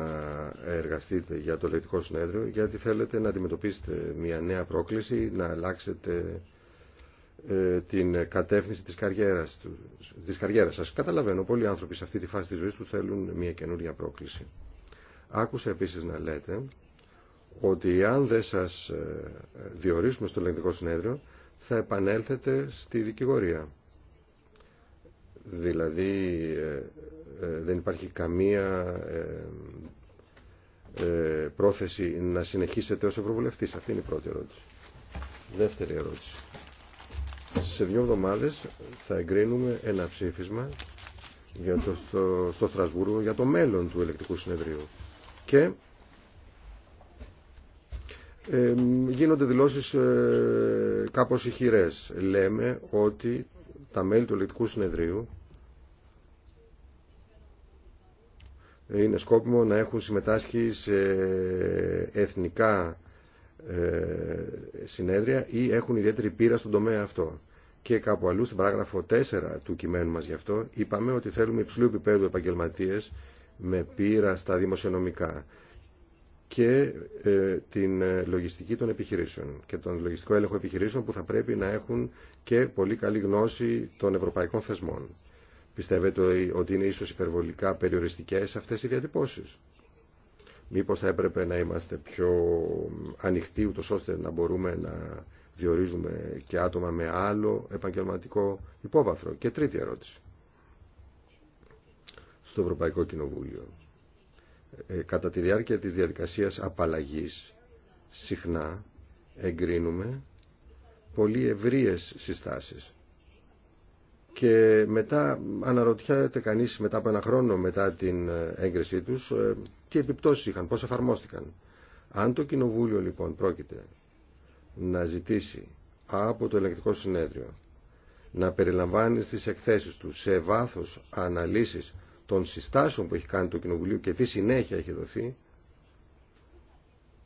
εργαστείτε για το ελεκτικό συνέδριο γιατί θέλετε να αντιμετωπίσετε μια νέα πρόκληση, να αλλάξετε ε, την κατεύθυνση της καριέρας, της καριέρας σας. Καταλαβαίνω, πολλοί άνθρωποι σε αυτή τη φάση της ζωής τους θέλουν μια καινούργια πρόκληση. Άκουσα επίσης να λέτε ότι αν δεν σας ε, διορίσουμε στο ελεγκτικό συνέδριο θα επανέλθετε στη δικηγορία. Δηλαδή ε, ε, δεν υπάρχει καμία πρόθεση να συνεχίσετε ως Ευρωβουλευτής. Αυτή είναι η πρώτη ερώτηση. Δεύτερη ερώτηση. Σε δύο εβδομάδες θα εγκρίνουμε ένα ψήφισμα για το, στο, στο Στρασβούργο για το μέλλον του ελεκτικού συνεδρίου και γίνονται δηλώσεις ε, κάπως ηχηρές. Λέμε ότι τα μέλη του ελεκτικού συνεδρίου είναι σκόπιμο να έχουν συμμετάσχει σε εθνικά ε, συνέδρια ή έχουν ιδιαίτερη πείρα στον τομέα αυτό. Και κάπου αλλού, στην παράγραφο 4 του κειμένου μας γι' αυτό, είπαμε ότι θέλουμε υψηλού επίπεδου επαγγελματίες με πείρα στα δημοσιονομικά και ε, την ε, λογιστική των επιχειρήσεων και τον λογιστικό έλεγχο επιχειρήσεων που θα πρέπει να έχουν και πολύ καλή γνώση των ευρωπαϊκών θεσμών. Πιστεύετε ότι είναι ίσως υπερβολικά περιοριστικές αυτές οι διατυπώσεις. Μήπως θα έπρεπε να είμαστε πιο ανοιχτοί ούτως ώστε να μπορούμε να διορίζουμε και άτομα με άλλο επαγγελματικό υπόβαθρο. Και τρίτη ερώτηση στο Ευρωπαϊκό Κοινοβούλιο. Ε, κατά τη διάρκεια της διαδικασίας απαλλαγής συχνά εγκρίνουμε πολύ ευρείες συστάσεις. Και μετά αναρωτιέται κανείς μετά από ένα χρόνο μετά την ε, έγκρισή τους ε, τι επιπτώσεις είχαν, πώς εφαρμόστηκαν. Αν το Κοινοβούλιο λοιπόν πρόκειται να ζητήσει από το Ελεκτικό συνέδριο να περιλαμβάνει στις εκθέσεις του σε βάθος αναλύσεις των συστάσεων που έχει κάνει το Κοινοβουλίο και τι συνέχεια έχει δοθεί,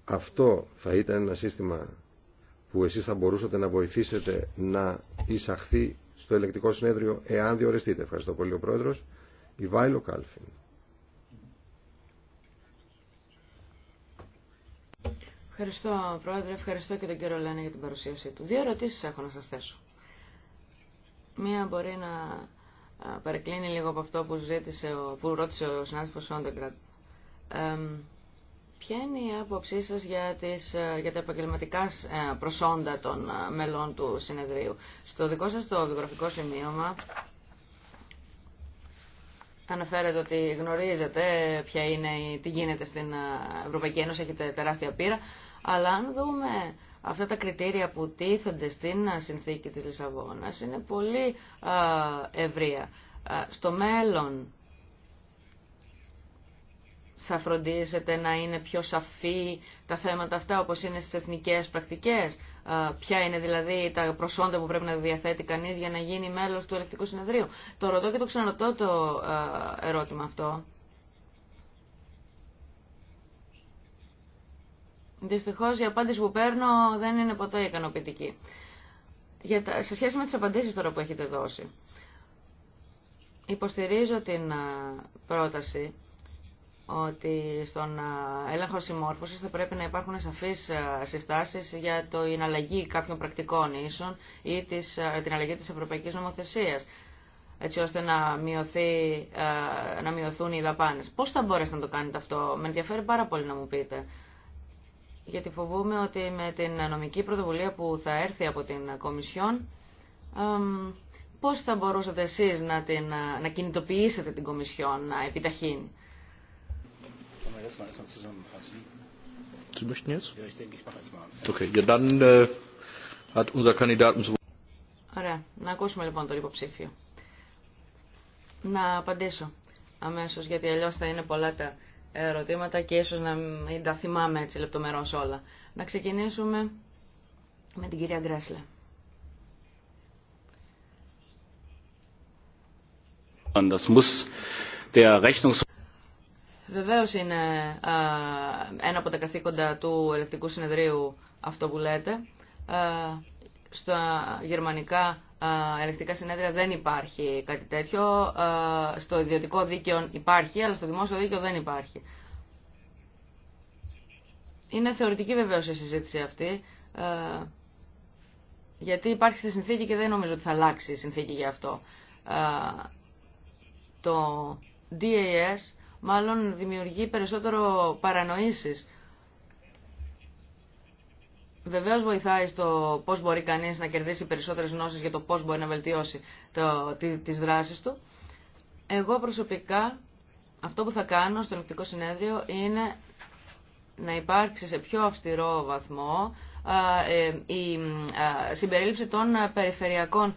αυτό θα ήταν ένα σύστημα που εσείς θα μπορούσατε να βοηθήσετε να εισαχθεί στο ελεκτικό συνέδριο εάν διοριστείτε. Ευχαριστώ πολύ ο Πρόεδρος. Ιβάηλο Κάλφιν. Ευχαριστώ Πρόεδρε, ευχαριστώ και τον κύριο Λένε για την παρουσίασή του. Δύο ερωτήσεις έχω να σας θέσω. Μία μπορεί να Παρεκκλίνει λίγο από αυτό που, ζήτησε, που ρώτησε ο συνάδελφος Σόντεγκρατ. ποια είναι η άποψή σας για, τις, για τα επαγγελματικά προσόντα των μελών του συνεδρίου. Στο δικό σας το βιογραφικό σημείωμα Αναφέρετε ότι γνωρίζετε ποια είναι, τι γίνεται στην Ευρωπαϊκή Ένωση, έχετε τεράστια πείρα, αλλά αν δούμε Αυτά τα κριτήρια που τίθενται στην συνθήκη της Λισαβόνας είναι πολύ ευρεία. Στο μέλλον θα φροντίσετε να είναι πιο σαφή τα θέματα αυτά όπως είναι στις εθνικές πρακτικές. Ποια είναι δηλαδή τα προσόντα που πρέπει να διαθέτει κανείς για να γίνει μέλος του ελεκτικού συνεδρίου. Το ρωτώ και το ξαναρωτώ το ερώτημα αυτό. Δυστυχώ η απάντηση που παίρνω δεν είναι ποτέ ικανοποιητική. Για σε σχέση με τις απαντήσεις τώρα που έχετε δώσει, υποστηρίζω την πρόταση ότι στον έλεγχο συμμόρφωσης θα πρέπει να υπάρχουν σαφείς συστάσει για την αλλαγή κάποιων πρακτικών ίσων ή την αλλαγή της ευρωπαϊκής νομοθεσίας έτσι ώστε να, να μειωθούν οι δαπάνες. Πώς θα μπορέσετε να το κάνετε αυτό, με ενδιαφέρει πάρα πολύ να μου πείτε γιατί φοβούμαι ότι με την νομική πρωτοβουλία που θα έρθει από την Κομισιόν, πώς θα μπορούσατε εσείς να, την, να κινητοποιήσετε την Κομισιόν να επιταχύνει. Ωραία. Να ακούσουμε λοιπόν τον υποψήφιο. Να απαντήσω αμέσως, γιατί αλλιώς θα είναι πολλά τα ερωτήματα και ίσως να μην τα θυμάμαι έτσι λεπτομερώς όλα. Να ξεκινήσουμε με την κυρία Γκρέσλε. Βεβαίως είναι ένα από τα καθήκοντα του Ελεκτικού Συνεδρίου αυτό που λέτε. στα γερμανικά ελεκτικά συνέδρια δεν υπάρχει κάτι τέτοιο. Στο ιδιωτικό δίκαιο υπάρχει, αλλά στο δημόσιο δίκαιο δεν υπάρχει. Είναι θεωρητική βεβαίω η συζήτηση αυτή, γιατί υπάρχει στη συνθήκη και δεν νομίζω ότι θα αλλάξει η συνθήκη για αυτό. Το DAS μάλλον δημιουργεί περισσότερο παρανοήσεις Βεβαίω βοηθάει στο πώ μπορεί κανεί να κερδίσει περισσότερε γνώσει για το πώ μπορεί να βελτιώσει τι δράσει του. Εγώ προσωπικά αυτό που θα κάνω στο ελεκτικό συνέδριο είναι να υπάρξει σε πιο αυστηρό βαθμό ε, η συμπερίληψη των ε, περιφερειακών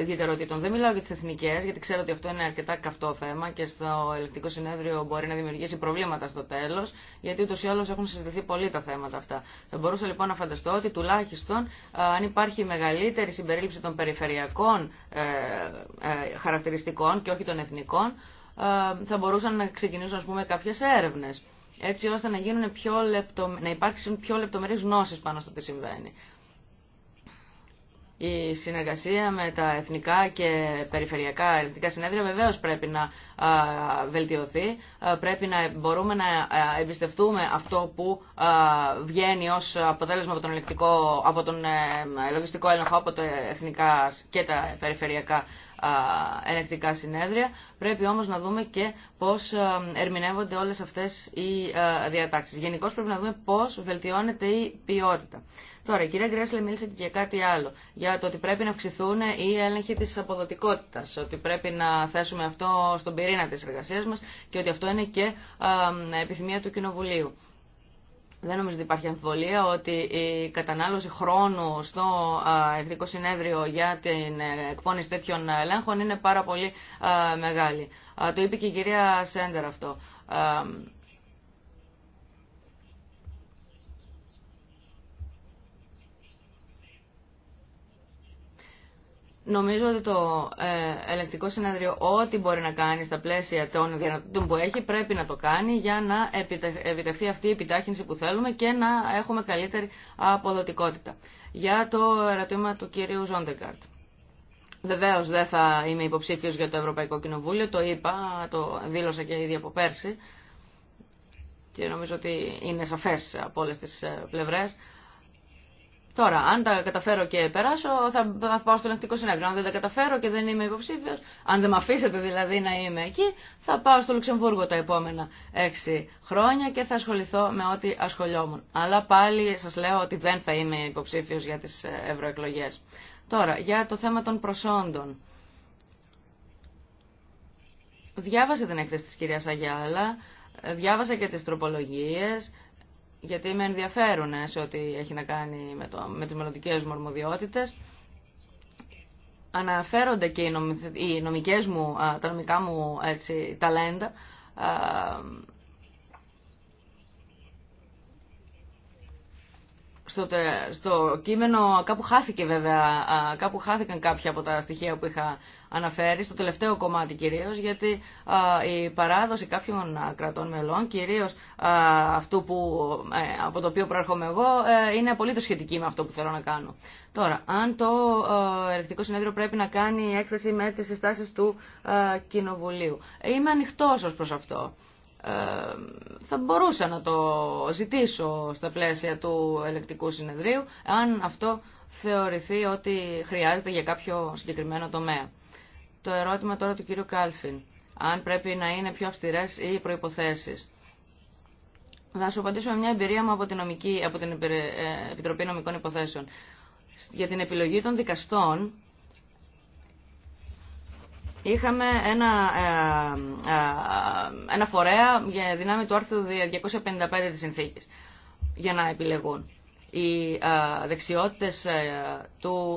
ιδιαιτερότητων. Δεν μιλάω για τι εθνικέ, γιατί ξέρω ότι αυτό είναι αρκετά καυτό θέμα και στο ελεκτικό συνέδριο μπορεί να δημιουργήσει προβλήματα στο τέλο, γιατί ούτω ή άλλω έχουν συζητηθεί πολύ τα θέματα αυτά. Θα μπορούσα λοιπόν να φανταστώ ότι τουλάχιστον αν υπάρχει μεγαλύτερη συμπερίληψη των περιφερειακών ε, χαρακτηριστικών και όχι των εθνικών, θα μπορούσαν να ξεκινήσουν ας πούμε, κάποιες έρευνες έτσι ώστε να, γίνουν πιο λεπτο, να υπάρξουν πιο λεπτομερείς γνώσεις πάνω στο τι συμβαίνει. Η συνεργασία με τα εθνικά και περιφερειακά ελληνικά συνέδρια βεβαίω πρέπει να βελτιωθεί. Πρέπει να μπορούμε να εμπιστευτούμε αυτό που βγαίνει ως αποτέλεσμα από τον, από τον ε, λογιστικό έλεγχο από τα εθνικά και τα περιφερειακά ελεκτικά συνέδρια. Πρέπει όμως να δούμε και πώς ερμηνεύονται όλες αυτές οι διατάξεις. Γενικώ πρέπει να δούμε πώς βελτιώνεται η ποιότητα. Τώρα, η κυρία Γκρέσλε μίλησε και για κάτι άλλο. Για το ότι πρέπει να αυξηθούν οι έλεγχοι τη αποδοτικότητα. Ότι πρέπει να θέσουμε αυτό στον πυρήνα τη εργασία μα και ότι αυτό είναι και επιθυμία του Κοινοβουλίου. Δεν νομίζω ότι υπάρχει αμφιβολία ότι η κατανάλωση χρόνου στο Εθνικό Συνέδριο για την ε, εκπόνηση τέτοιων ελέγχων είναι πάρα πολύ μεγάλη. Το είπε και η κυρία Σέντερ αυτό. Νομίζω ότι το ε, ελεκτικό συνέδριο ό,τι μπορεί να κάνει στα πλαίσια των δυνατοτήτων που έχει πρέπει να το κάνει για να επιτευχθεί αυτή η επιτάχυνση που θέλουμε και να έχουμε καλύτερη αποδοτικότητα. Για το ερωτήμα του κύριου Ζόντεγκαρτ. Βεβαίω δεν θα είμαι υποψήφιο για το Ευρωπαϊκό Κοινοβούλιο, το είπα, το δήλωσα και ήδη από πέρσι και νομίζω ότι είναι σαφές από όλες τις ε, πλευρές. Τώρα, αν τα καταφέρω και περάσω, θα, θα πάω στο Λεκτικό συνέδριο. Αν δεν τα καταφέρω και δεν είμαι υποψήφιο, αν δεν με αφήσετε δηλαδή να είμαι εκεί, θα πάω στο Λουξεμβούργο τα επόμενα έξι χρόνια και θα ασχοληθώ με ό,τι ασχολιόμουν. Αλλά πάλι σα λέω ότι δεν θα είμαι υποψήφιο για τι ε, ευρωεκλογέ. Τώρα, για το θέμα των προσόντων. Διάβασα την έκθεση της κυρία Αγιάλα, ε, διάβασα και τις τροπολογίες, γιατί με ενδιαφέρουν σε ό,τι έχει να κάνει με, το, με τις μελλοντικές μου αρμοδιότητες. Αναφέρονται και οι, νομικές μου, τα νομικά μου έτσι, ταλέντα στο, κείμενο κάπου χάθηκε βέβαια, κάπου χάθηκαν κάποια από τα στοιχεία που είχα αναφέρει, στο τελευταίο κομμάτι κυρίως, γιατί η παράδοση κάποιων κρατών μελών, κυρίως αυτού που, ε, από το οποίο προέρχομαι εγώ, ε, είναι απολύτω σχετική με αυτό που θέλω να κάνω. Τώρα, αν το ε, ελεκτικό συνέδριο πρέπει να κάνει έκθεση με τις συστάσεις του Κοινοβουλίου. Είμαι ανοιχτός ως προς αυτό. Ε, θα μπορούσα να το ζητήσω στα πλαίσια του ελεκτικού συνεδρίου, αν αυτό θεωρηθεί ότι χρειάζεται για κάποιο συγκεκριμένο τομέα. Το ερώτημα τώρα του κύριου Κάλφιν, αν πρέπει να είναι πιο αυστηρές οι προϋποθέσεις. Θα σου απαντήσω με μια εμπειρία μου από την, από την ε, Επιτροπή Νομικών Υποθέσεων. Για την επιλογή των δικαστών είχαμε ένα, ε, ε, ένα φορέα για δυνάμει του άρθρου 255 της συνθήκης για να επιλεγούν. Οι ε, δεξιότητες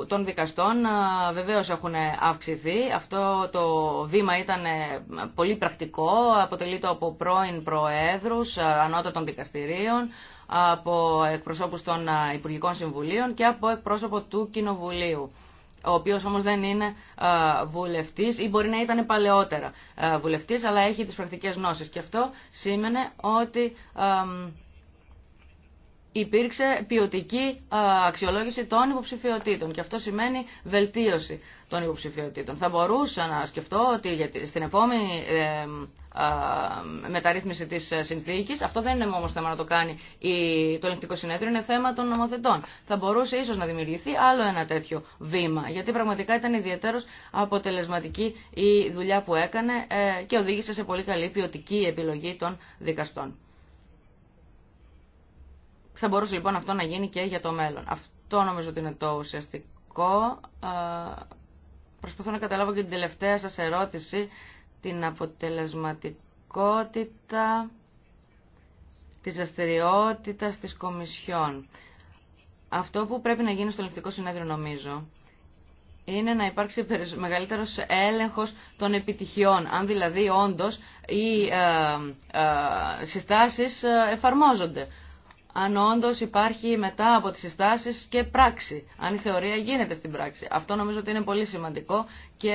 των δικαστών βεβαίως έχουν αυξηθεί. Αυτό το βήμα ήταν πολύ πρακτικό. Αποτελείται από πρώην προέδρους ανώτατων δικαστηρίων, από εκπροσώπους των Υπουργικών Συμβουλίων και από εκπρόσωπο του Κοινοβουλίου ο οποίος όμως δεν είναι βουλευτής ή μπορεί να ήταν παλαιότερα βουλευτής, αλλά έχει τις πρακτικές γνώσεις. Και αυτό σήμαινε ότι υπήρξε ποιοτική αξιολόγηση των υποψηφιωτήτων και αυτό σημαίνει βελτίωση των υποψηφιωτήτων. Θα μπορούσα να σκεφτώ ότι στην επόμενη μεταρρύθμιση της συνθήκης, αυτό δεν είναι όμως θέμα να το κάνει το ελεγκτικό συνέδριο, είναι θέμα των νομοθετών. Θα μπορούσε ίσως να δημιουργηθεί άλλο ένα τέτοιο βήμα, γιατί πραγματικά ήταν ιδιαίτερος αποτελεσματική η δουλειά που έκανε ε, και οδήγησε σε πολύ καλή ποιοτική επιλογή των δικαστών. Θα μπορούσε λοιπόν αυτό να γίνει και για το μέλλον. Αυτό νομίζω ότι είναι το ουσιαστικό. Ε, προσπαθώ να καταλάβω και την τελευταία σας ερώτηση, την αποτελεσματικότητα της δραστηριότητα της Κομισιόν. Αυτό που πρέπει να γίνει στο Ελεκτικό Συνέδριο νομίζω είναι να υπάρξει μεγαλύτερος έλεγχος των επιτυχιών, αν δηλαδή όντως οι ε, ε, συστάσεις εφαρμόζονται αν όντω υπάρχει μετά από τις συστάσει και πράξη, αν η θεωρία γίνεται στην πράξη. Αυτό νομίζω ότι είναι πολύ σημαντικό και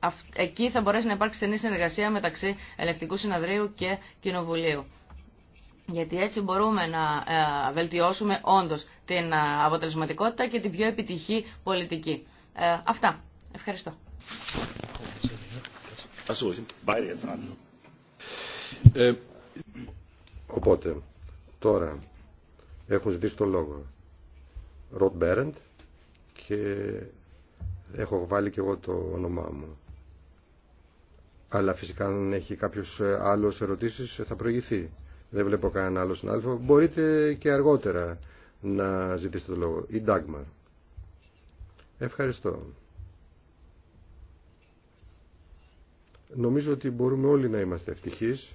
ε, εκεί θα μπορέσει να υπάρξει στενή συνεργασία μεταξύ ελεκτικού συναδρίου και κοινοβουλίου. Γιατί έτσι μπορούμε να ε, βελτιώσουμε όντως την ε, αποτελεσματικότητα και την πιο επιτυχή πολιτική. Αυτά. Ευχαριστώ. Οπότε, Τώρα έχουν ζητήσει το λόγο Ροτ Μπέρεντ και έχω βάλει και εγώ το όνομά μου. Αλλά φυσικά αν έχει κάποιος άλλος ερωτήσεις ε, θα προηγηθεί. Δεν βλέπω κανέναν άλλο συνάδελφο. Μπορείτε και αργότερα να ζητήσετε το λόγο. Η Ντάγμαρ. Ευχαριστώ. Νομίζω ότι μπορούμε όλοι να είμαστε ευτυχείς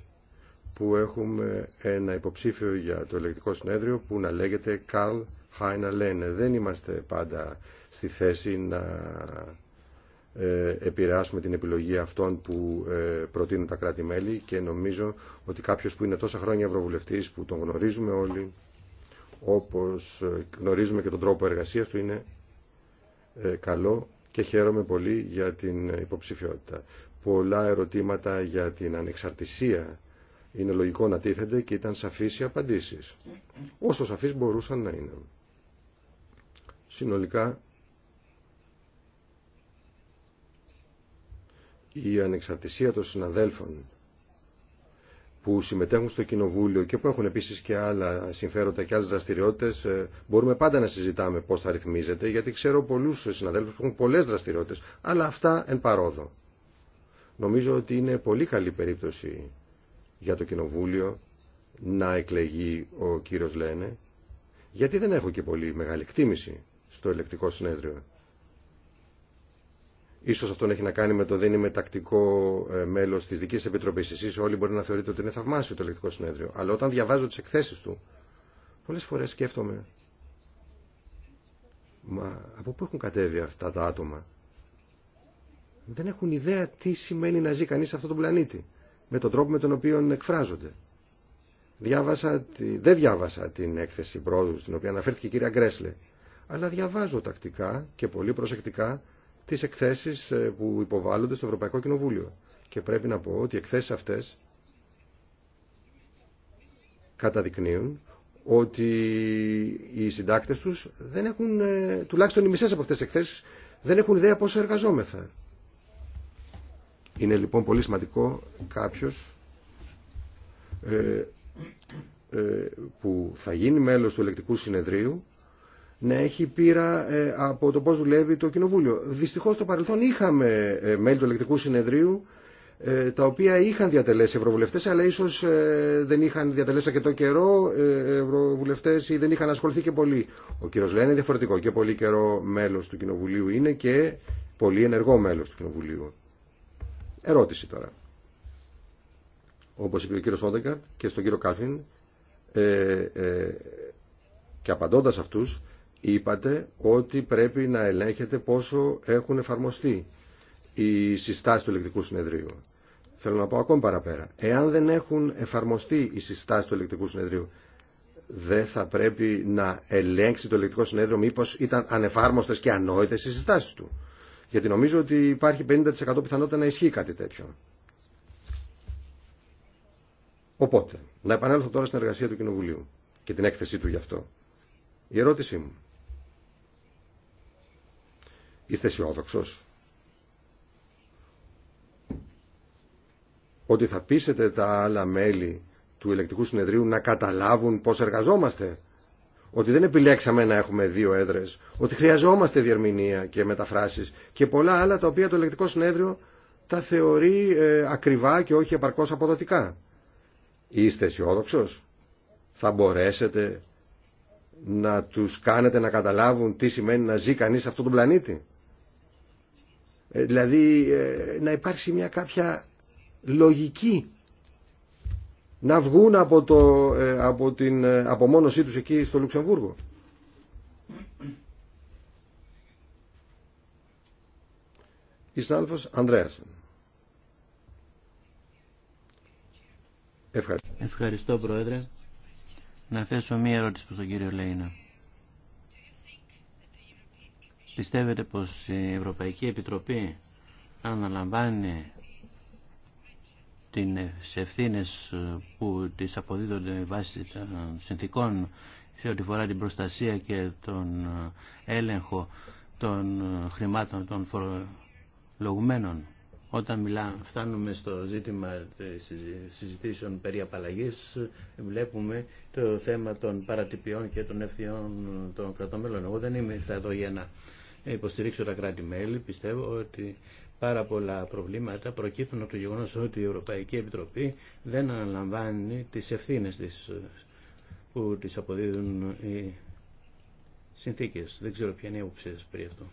που έχουμε ένα υποψήφιο για το ηλεκτρικό συνέδριο που να λέγεται Καρλ Χάινα Λένε. Δεν είμαστε πάντα στη θέση να ε, επηρεάσουμε την επιλογή αυτών που ε, προτείνουν τα κράτη-μέλη και νομίζω ότι κάποιος που είναι τόσα χρόνια ευρωβουλευτής που τον γνωρίζουμε όλοι όπως ε, γνωρίζουμε και τον τρόπο εργασίας του είναι καλό και χαίρομαι πολύ για την υποψηφιότητα. Πολλά ερωτήματα για την ανεξαρτησία είναι λογικό να τίθενται και ήταν σαφείς οι απαντήσεις. Όσο σαφείς μπορούσαν να είναι. Συνολικά, η ανεξαρτησία των συναδέλφων που συμμετέχουν στο Κοινοβούλιο και που έχουν επίσης και άλλα συμφέροντα και άλλες δραστηριότητες, ε, μπορούμε πάντα να συζητάμε πώς θα ρυθμίζεται, γιατί ξέρω πολλούς συναδέλφους που έχουν πολλές δραστηριότητες, αλλά αυτά εν παρόδο. Νομίζω ότι είναι πολύ καλή περίπτωση για το Κοινοβούλιο να εκλεγεί ο κύριος Λένε, γιατί δεν έχω και πολύ μεγάλη εκτίμηση στο ελεκτικό συνέδριο. Ίσως αυτό έχει να κάνει με το δεν είμαι τακτικό ε, μέλος της δικής επιτροπής. Εσείς όλοι μπορεί να θεωρείτε ότι είναι θαυμάσιο το ελεκτικό συνέδριο. Αλλά όταν διαβάζω τις εκθέσεις του, πολλές φορές σκέφτομαι Μα από πού έχουν κατέβει αυτά τα άτομα. Δεν έχουν ιδέα τι σημαίνει να ζει κανείς σε αυτόν τον πλανήτη με τον τρόπο με τον οποίο εκφράζονται. Διάβασα, δεν διάβασα την έκθεση πρόοδου στην οποία αναφέρθηκε η κυρία Γκρέσλε, αλλά διαβάζω τακτικά και πολύ προσεκτικά τις εκθέσεις ε, που υποβάλλονται στο Ευρωπαϊκό Κοινοβούλιο. Και πρέπει να πω ότι οι εκθέσεις αυτές καταδεικνύουν ότι οι συντάκτες τους δεν έχουν, ε, τουλάχιστον οι μισές από αυτές τις εκθέσεις, δεν έχουν ιδέα πόσο εργαζόμεθα. Είναι λοιπόν πολύ σημαντικό κάποιος ε, ε, που θα γίνει μέλος του ελεκτικού συνεδρίου να έχει πείρα ε, από το πώς δουλεύει το Κοινοβούλιο. Δυστυχώς στο παρελθόν είχαμε ε, μέλη του ελεκτικού συνεδρίου ε, τα οποία είχαν διατελέσει ευρωβουλευτές αλλά ίσως δεν είχαν διατελέσει το καιρό ευρωβουλευτές ή δεν είχαν ασχοληθεί και πολύ. Ο κύριος Λένε είναι διαφορετικό και πολύ καιρό μέλος του Κοινοβουλίου είναι και πολύ ενεργό μέλος του Κοινοβουλίου. Ερώτηση τώρα. Όπως είπε ο κύριος Όντεγκαρτ και στον κύριο Κάλφιν ε, ε, και απαντώντας αυτούς είπατε ότι πρέπει να ελέγχετε πόσο έχουν εφαρμοστεί οι συστάσεις του ελεκτικού συνεδρίου. Θέλω να πω ακόμη παραπέρα. Εάν δεν έχουν εφαρμοστεί οι συστάσεις του ελεκτικού συνεδρίου, δεν θα πρέπει να ελέγξει το ελεκτικό συνέδριο μήπως ήταν ανεφάρμοστες και ανόητες οι συστάσεις του. Γιατί νομίζω ότι υπάρχει 50% πιθανότητα να ισχύει κάτι τέτοιο. Οπότε, να επανέλθω τώρα στην εργασία του Κοινοβουλίου και την έκθεσή του γι' αυτό. Η ερώτησή μου. Είστε αισιόδοξο ότι θα πείσετε τα άλλα μέλη του ηλεκτρικού συνεδρίου να καταλάβουν πώς εργαζόμαστε ότι δεν επιλέξαμε να έχουμε δύο έδρες, ότι χρειαζόμαστε διερμηνία και μεταφράσεις και πολλά άλλα τα οποία το ελεκτικό συνέδριο τα θεωρεί ε, ακριβά και όχι επαρκώς αποδοτικά. Είστε αισιόδοξο. Θα μπορέσετε να τους κάνετε να καταλάβουν τι σημαίνει να ζει κανεί σε αυτόν τον πλανήτη. Ε, δηλαδή ε, να υπάρξει μια κάποια λογική να βγουν από, το, ε, από την ε, απομόνωσή τους εκεί στο Λουξεμβούργο. Η Ανδρέας. Ευχαριστώ. Ευχαριστώ Πρόεδρε. Να θέσω μία ερώτηση προς τον κύριο Λέινα. Πιστεύετε πως η Ευρωπαϊκή Επιτροπή αναλαμβάνει τις ευθύνε ε, που τις αποδίδονται βάσει των συνθήκων σε ό,τι φορά την προστασία και τον ε, έλεγχο των ε, χρημάτων των φορολογουμένων. Όταν μιλά, φτάνουμε στο ζήτημα συζητήσεων περί απαλλαγής, βλέπουμε το θέμα των παρατυπιών και των ευθύων των κρατών μέλων. Εγώ δεν είμαι εδώ για να υποστηρίξω τα κράτη-μέλη. Πιστεύω ότι πάρα πολλά προβλήματα προκύπτουν από το γεγονός ότι η Ευρωπαϊκή Επιτροπή δεν αναλαμβάνει τις ευθύνες της που τις αποδίδουν οι συνθήκες. Δεν ξέρω ποια είναι η άποψή σας πριν αυτό.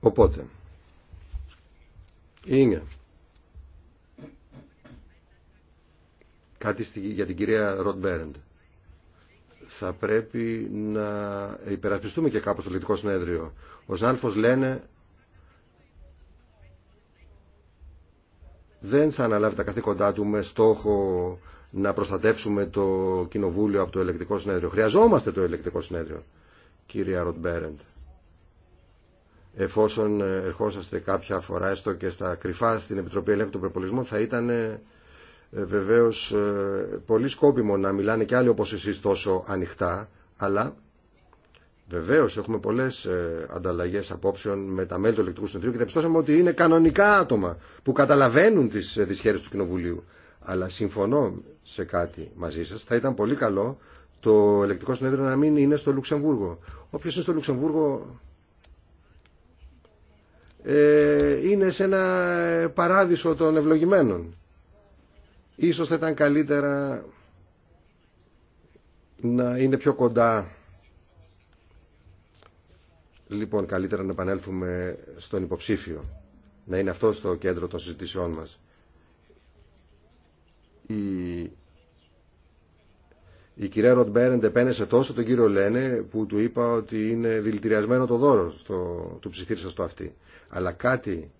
Οπότε, είναι κάτι για την κυρία Ροτ θα πρέπει να υπερασπιστούμε και κάπως το λειτουργικό συνέδριο. Ο Ζάνφος λένε δεν θα αναλάβει τα καθήκοντά του με στόχο να προστατεύσουμε το κοινοβούλιο από το ελεκτικό συνέδριο. Χρειαζόμαστε το ελεκτικό συνέδριο, κύριε Ροτμπέρεντ. Εφόσον ερχόσαστε κάποια φορά έστω και στα κρυφά στην Επιτροπή Ελέγχου των Προπολισμών θα ήταν ε, βεβαίως, ε, πολύ σκόπιμο να μιλάνε και άλλοι όπως εσείς τόσο ανοιχτά, αλλά βεβαίως έχουμε πολλές ε, ανταλλαγές απόψεων με τα μέλη του Ελεκτρικού Συνεδρίου και διαπιστώσαμε ότι είναι κανονικά άτομα που καταλαβαίνουν τις δυσχέρειες του Κοινοβουλίου. Αλλά συμφωνώ σε κάτι μαζί σας, θα ήταν πολύ καλό το ηλεκτρικό Συνέδριο να μην είναι στο Λουξεμβούργο. Όποιος είναι στο Λουξεμβούργο είναι σε ένα παράδεισο των ευλογημένων. Ίσως θα ήταν καλύτερα να είναι πιο κοντά. Λοιπόν, καλύτερα να επανέλθουμε στον υποψήφιο. Να είναι αυτό στο κέντρο των συζητήσεών μας. Η, η κυρία Ροντ Μπέρεντ επένεσε τόσο τον κύριο Λένε που του είπα ότι είναι δηλητηριασμένο το δώρο στο... του ψηθήρισα το αυτή. Αλλά κάτι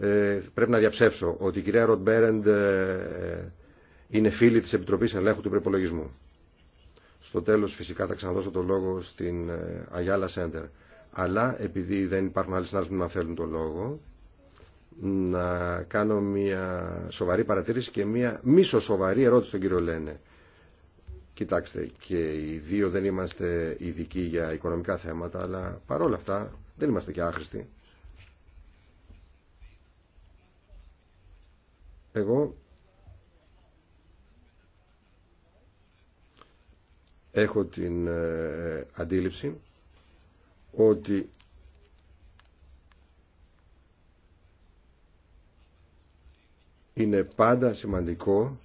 ε, πρέπει να διαψεύσω ότι η κυρία Μπέρεντ ε, είναι φίλη της Επιτροπής Ελέγχου του Προπολογισμού. Στο τέλος φυσικά θα ξαναδώσω το λόγο στην ε, Αγιάλα Σέντερ. Αλλά επειδή δεν υπάρχουν άλλοι συνάδελφοι που να θέλουν το λόγο, να κάνω μια σοβαρή παρατήρηση και μια μίσο σοβαρή ερώτηση στον κύριο Λένε. Κοιτάξτε, και οι δύο δεν είμαστε ειδικοί για οικονομικά θέματα, αλλά παρόλα αυτά δεν είμαστε και άχρηστοι. Εγώ έχω την ε, αντίληψη ότι είναι πάντα σημαντικό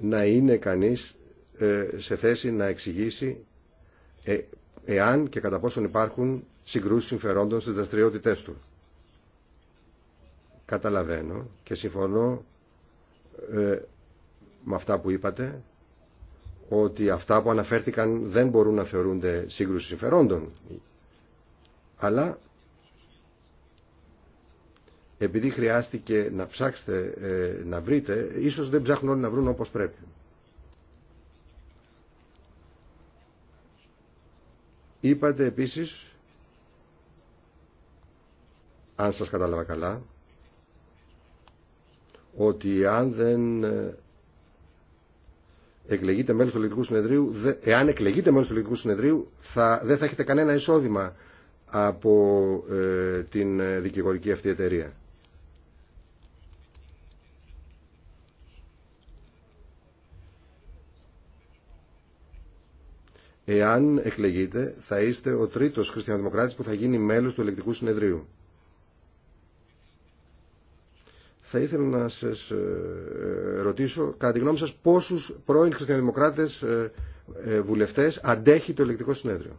να είναι κανείς ε, σε θέση να εξηγήσει ε, εάν και κατά πόσον υπάρχουν συγκρούσεις συμφερόντων στις δραστηριότητές του. Καταλαβαίνω και συμφωνώ ε, με αυτά που είπατε ότι αυτά που αναφέρθηκαν δεν μπορούν να θεωρούνται σύγκρουση συμφερόντων. Αλλά επειδή χρειάστηκε να ψάξετε, ε, να βρείτε, ίσως δεν ψάχνουν όλοι να βρουν όπως πρέπει. Είπατε επίσης, αν σας κατάλαβα καλά, ότι αν δεν ε, εκλεγείτε μέλος του Ελληνικού Συνεδρίου, εάν εκλεγείτε μέλος του Ελληνικού Συνεδρίου, θα, δεν θα έχετε κανένα εισόδημα από ε, την ε, δικηγορική αυτή εταιρεία. Εάν εκλεγείτε, θα είστε ο τρίτος χριστιανοδημοκράτης που θα γίνει μέλος του Ελεκτικού Συνεδρίου. Θα ήθελα να σας ε, ε, ρωτήσω, κατά τη γνώμη σας, πόσους πρώην χριστιανοδημοκράτες ε, βουλευτές αντέχει το ελεκτικό συνέδριο.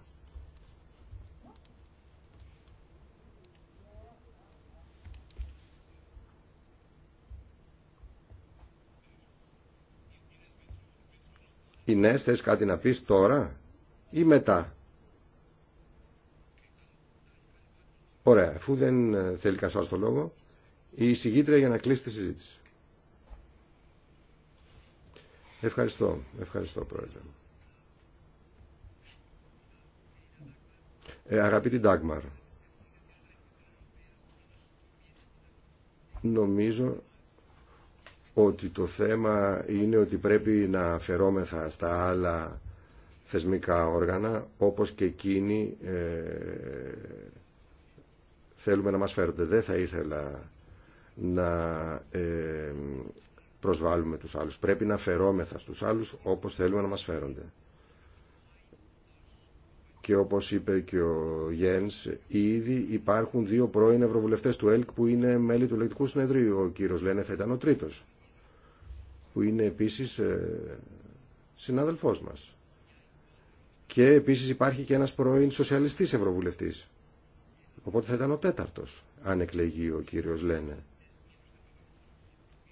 Ναι, θες κάτι να πεις τώρα ή μετά. Ωραία, αφού δεν θέλει κανένα το λόγο, η εισηγήτρια για να κλείσει τη συζήτηση. Ευχαριστώ, ευχαριστώ πρόεδρε. Ε, αγαπητή Ντάγμαρ, νομίζω ότι το θέμα είναι ότι πρέπει να αφαιρόμεθα στα άλλα θεσμικά όργανα όπως και εκείνοι ε, θέλουμε να μας φέρονται. Δεν θα ήθελα να ε, προσβάλλουμε τους άλλους. Πρέπει να φερόμεθα στους άλλους όπως θέλουμε να μας φέρονται. Και όπως είπε και ο Γιένς ήδη υπάρχουν δύο πρώην ευρωβουλευτές του ΕΛΚ που είναι μέλη του Ελεκτικού Συνεδρίου. Ο κύριος Λένε θα ήταν ο τρίτος, που είναι επίσης ε, συνάδελφός μας. Και επίσης υπάρχει και ένας πρώην σοσιαλιστής ευρωβουλευτής. Οπότε θα ήταν ο τέταρτος, αν εκλεγεί ο κύριος Λένε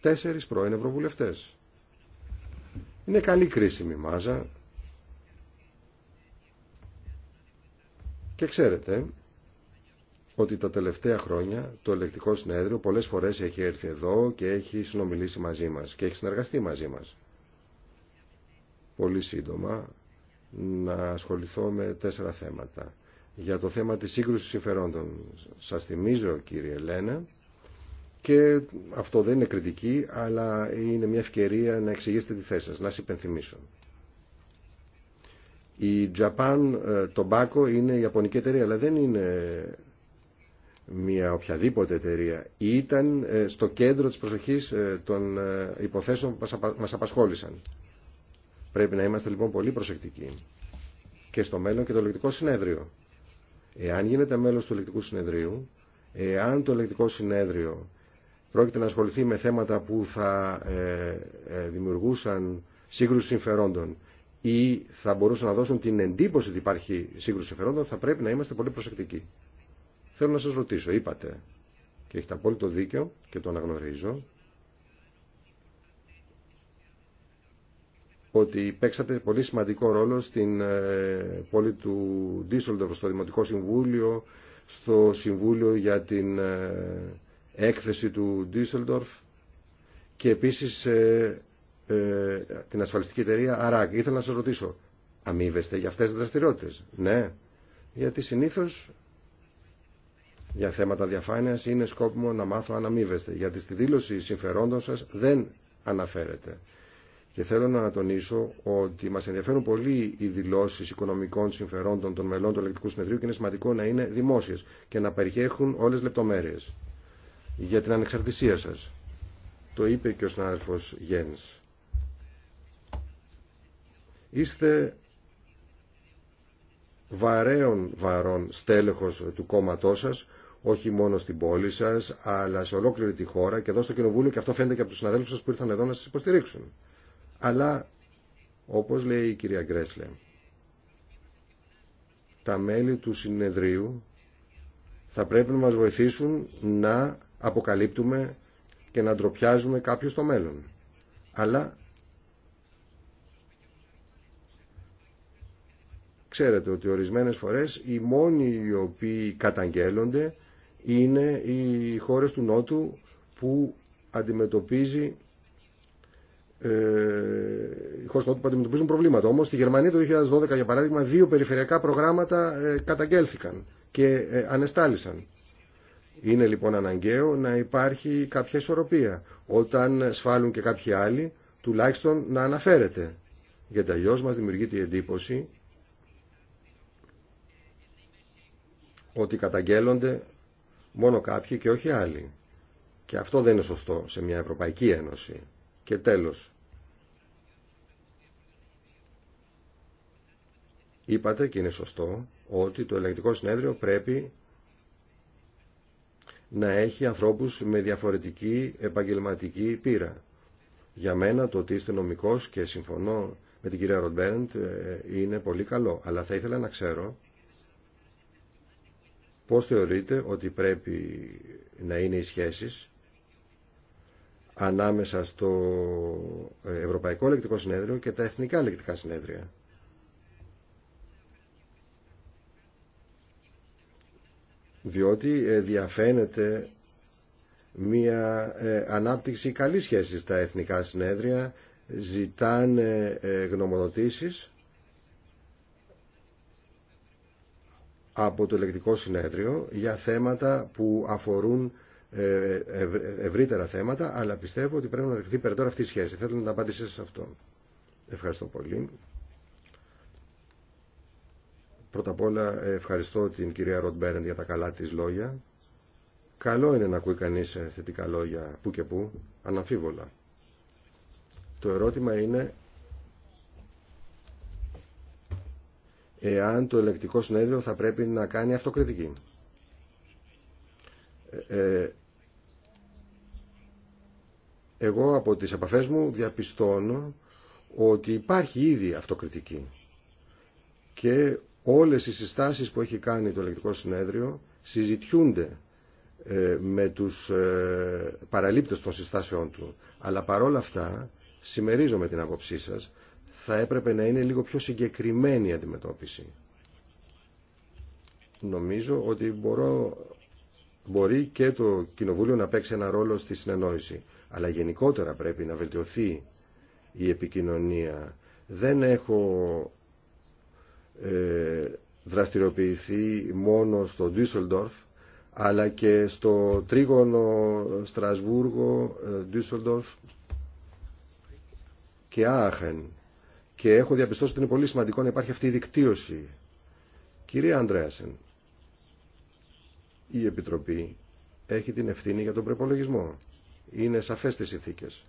τέσσερις πρώην ευρωβουλευτές. Είναι καλή κρίσιμη μάζα και ξέρετε ότι τα τελευταία χρόνια το ελεκτικό συνέδριο πολλές φορές έχει έρθει εδώ και έχει συνομιλήσει μαζί μας και έχει συνεργαστεί μαζί μας. Πολύ σύντομα να ασχοληθώ με τέσσερα θέματα. Για το θέμα της σύγκρουσης συμφερόντων σας θυμίζω κύριε Ελένα και αυτό δεν είναι κριτική, αλλά είναι μια ευκαιρία να εξηγήσετε τη θέση σας, να σας υπενθυμίσω. Η Japan ε, Tobacco είναι η Ιαπωνική εταιρεία, αλλά δεν είναι μια οποιαδήποτε εταιρεία. Ήταν ε, στο κέντρο της προσοχής ε, των υποθέσεων που μας απασχόλησαν. Πρέπει να είμαστε λοιπόν πολύ προσεκτικοί και στο μέλλον και το ελεκτικό συνέδριο. Εάν γίνεται μέλος του ελεκτικού συνεδρίου, εάν το ελεκτικό συνέδριο πρόκειται να ασχοληθεί με θέματα που θα ε, ε, δημιουργούσαν σύγκρουση συμφερόντων ή θα μπορούσαν να δώσουν την εντύπωση ότι υπάρχει σύγκρουση συμφερόντων, θα πρέπει να είμαστε πολύ προσεκτικοί. Θέλω να σας ρωτήσω, είπατε, και έχετε απόλυτο δίκιο και το αναγνωρίζω, ότι παίξατε πολύ σημαντικό ρόλο στην ε, πόλη του Ντίσολντορ, στο Δημοτικό Συμβούλιο, στο Συμβούλιο για την έκθεση του Düsseldorf και επίσης ε, ε την ασφαλιστική εταιρεία Αράκ. Ήθελα να σας ρωτήσω, αμείβεστε για αυτές τις δραστηριότητες. Ναι, γιατί συνήθως για θέματα διαφάνειας είναι σκόπιμο να μάθω αν αμείβεστε, γιατί στη δήλωση συμφερόντων σας δεν αναφέρεται. Και θέλω να τονίσω ότι μας ενδιαφέρουν πολύ οι δηλώσεις οικονομικών συμφερόντων των μελών του Ελεκτικού Συνεδρίου και είναι σημαντικό να είναι δημόσιες και να περιέχουν όλες τις λεπτομέρειες για την ανεξαρτησία σας. Το είπε και ο συνάδελφος Γένς. Είστε βαρέων βαρών στέλεχος του κόμματός σας, όχι μόνο στην πόλη σας, αλλά σε ολόκληρη τη χώρα και εδώ στο Κοινοβούλιο και αυτό φαίνεται και από τους συναδέλφους σας που ήρθαν εδώ να σας υποστηρίξουν. Αλλά, όπως λέει η κυρία Γκρέσλε, τα μέλη του συνεδρίου θα πρέπει να μας βοηθήσουν να αποκαλύπτουμε και να ντροπιάζουμε κάποιους στο μέλλον. Αλλά ξέρετε ότι ορισμένες φορές οι μόνοι οι οποίοι καταγγέλλονται είναι οι χώρες του Νότου που αντιμετωπίζει ε, οι χώρες του Νότου που αντιμετωπίζουν προβλήματα. Όμως στη Γερμανία το 2012 για παράδειγμα δύο περιφερειακά προγράμματα ε, καταγγέλθηκαν και ε, ανεστάλησαν. Είναι λοιπόν αναγκαίο να υπάρχει κάποια ισορροπία. Όταν σφάλουν και κάποιοι άλλοι, τουλάχιστον να αναφέρεται. Γιατί αλλιώ μας δημιουργείται η εντύπωση ότι καταγγέλλονται μόνο κάποιοι και όχι άλλοι. Και αυτό δεν είναι σωστό σε μια Ευρωπαϊκή Ένωση. Και τέλος, είπατε και είναι σωστό ότι το ελεγκτικό συνέδριο πρέπει να έχει ανθρώπους με διαφορετική επαγγελματική πείρα. Για μένα το ότι είστε νομικός και συμφωνώ με την κυρία Ροντμπέρντ ε, είναι πολύ καλό. Αλλά θα ήθελα να ξέρω πώς θεωρείτε ότι πρέπει να είναι οι σχέσεις ανάμεσα στο Ευρωπαϊκό Λεκτικό Συνέδριο και τα Εθνικά Λεκτικά Συνέδρια. διότι ε, διαφαίνεται μια ε, ανάπτυξη καλής σχέσης στα εθνικά συνέδρια, ζητάνε ε, γνωμοδοτήσεις από το ελεκτικό συνέδριο για θέματα που αφορούν ευρύτερα θέματα, αλλά πιστεύω ότι πρέπει να ρεχθεί περαιτέρω αυτή η σχέση. Θέλω να απαντήσετε σε αυτό. Ευχαριστώ πολύ. Πρώτα απ' όλα ε, ευχαριστώ την κυρία Ροτ για τα καλά της λόγια. Καλό είναι να ακούει κανείς ε, θετικά λόγια που και που, αναμφίβολα. Το ερώτημα είναι εάν το ελεκτικό συνέδριο θα πρέπει να κάνει αυτοκριτική. Ε, εγώ από τις επαφές μου διαπιστώνω ότι υπάρχει ήδη αυτοκριτική και όλες οι συστάσεις που έχει κάνει το ελεκτικό συνέδριο συζητιούνται ε, με τους ε, παραλήπτες των συστάσεών του. Αλλά παρόλα αυτά, συμμερίζομαι την άποψή σας, θα έπρεπε να είναι λίγο πιο συγκεκριμένη η αντιμετώπιση. Νομίζω ότι μπορώ, μπορεί και το Κοινοβούλιο να παίξει ένα ρόλο στη συνεννόηση. Αλλά γενικότερα πρέπει να βελτιωθεί η επικοινωνία. Δεν έχω ε, δραστηριοποιηθεί μόνο στο Düsseldorf αλλά και στο τρίγωνο Στρασβούργο, ε, Düsseldorf και Άχεν. Και έχω διαπιστώσει ότι είναι πολύ σημαντικό να υπάρχει αυτή η δικτύωση. Κυρία Ανδρέασεν, η Επιτροπή έχει την ευθύνη για τον προπολογισμό. Είναι σαφές τις ηθίκες.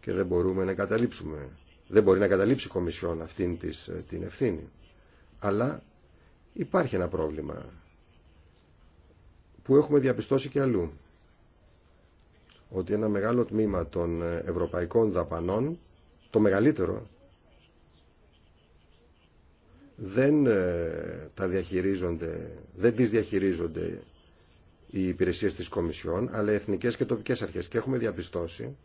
Και δεν μπορούμε να καταλήψουμε δεν μπορεί να καταλήψει η Κομισιόν αυτήν της, ε, την ευθύνη. Αλλά υπάρχει ένα πρόβλημα που έχουμε διαπιστώσει και αλλού. Ότι ένα μεγάλο τμήμα των ε, ευρωπαϊκών δαπανών, το μεγαλύτερο, δεν ε, τα διαχειρίζονται, δεν τις διαχειρίζονται οι υπηρεσίες της Κομισιόν, αλλά εθνικές και τοπικές αρχές. Και έχουμε διαπιστώσει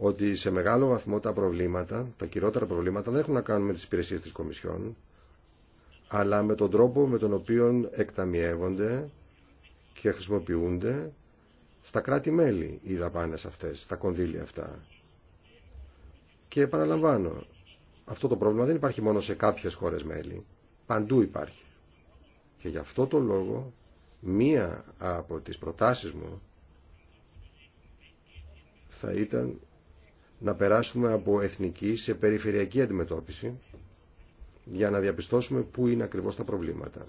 ότι σε μεγάλο βαθμό τα προβλήματα, τα κυριότερα προβλήματα δεν έχουν να κάνουν με τις υπηρεσίες της Κομισιόν, αλλά με τον τρόπο με τον οποίο εκταμιεύονται και χρησιμοποιούνται στα κράτη-μέλη οι δαπάνες αυτές, τα κονδύλια αυτά. Και επαναλαμβάνω, αυτό το πρόβλημα δεν υπάρχει μόνο σε κάποιες χώρες μέλη. Παντού υπάρχει. Και γι' αυτό το λόγο μία από τις προτάσεις μου θα ήταν να περάσουμε από εθνική σε περιφερειακή αντιμετώπιση για να διαπιστώσουμε πού είναι ακριβώς τα προβλήματα.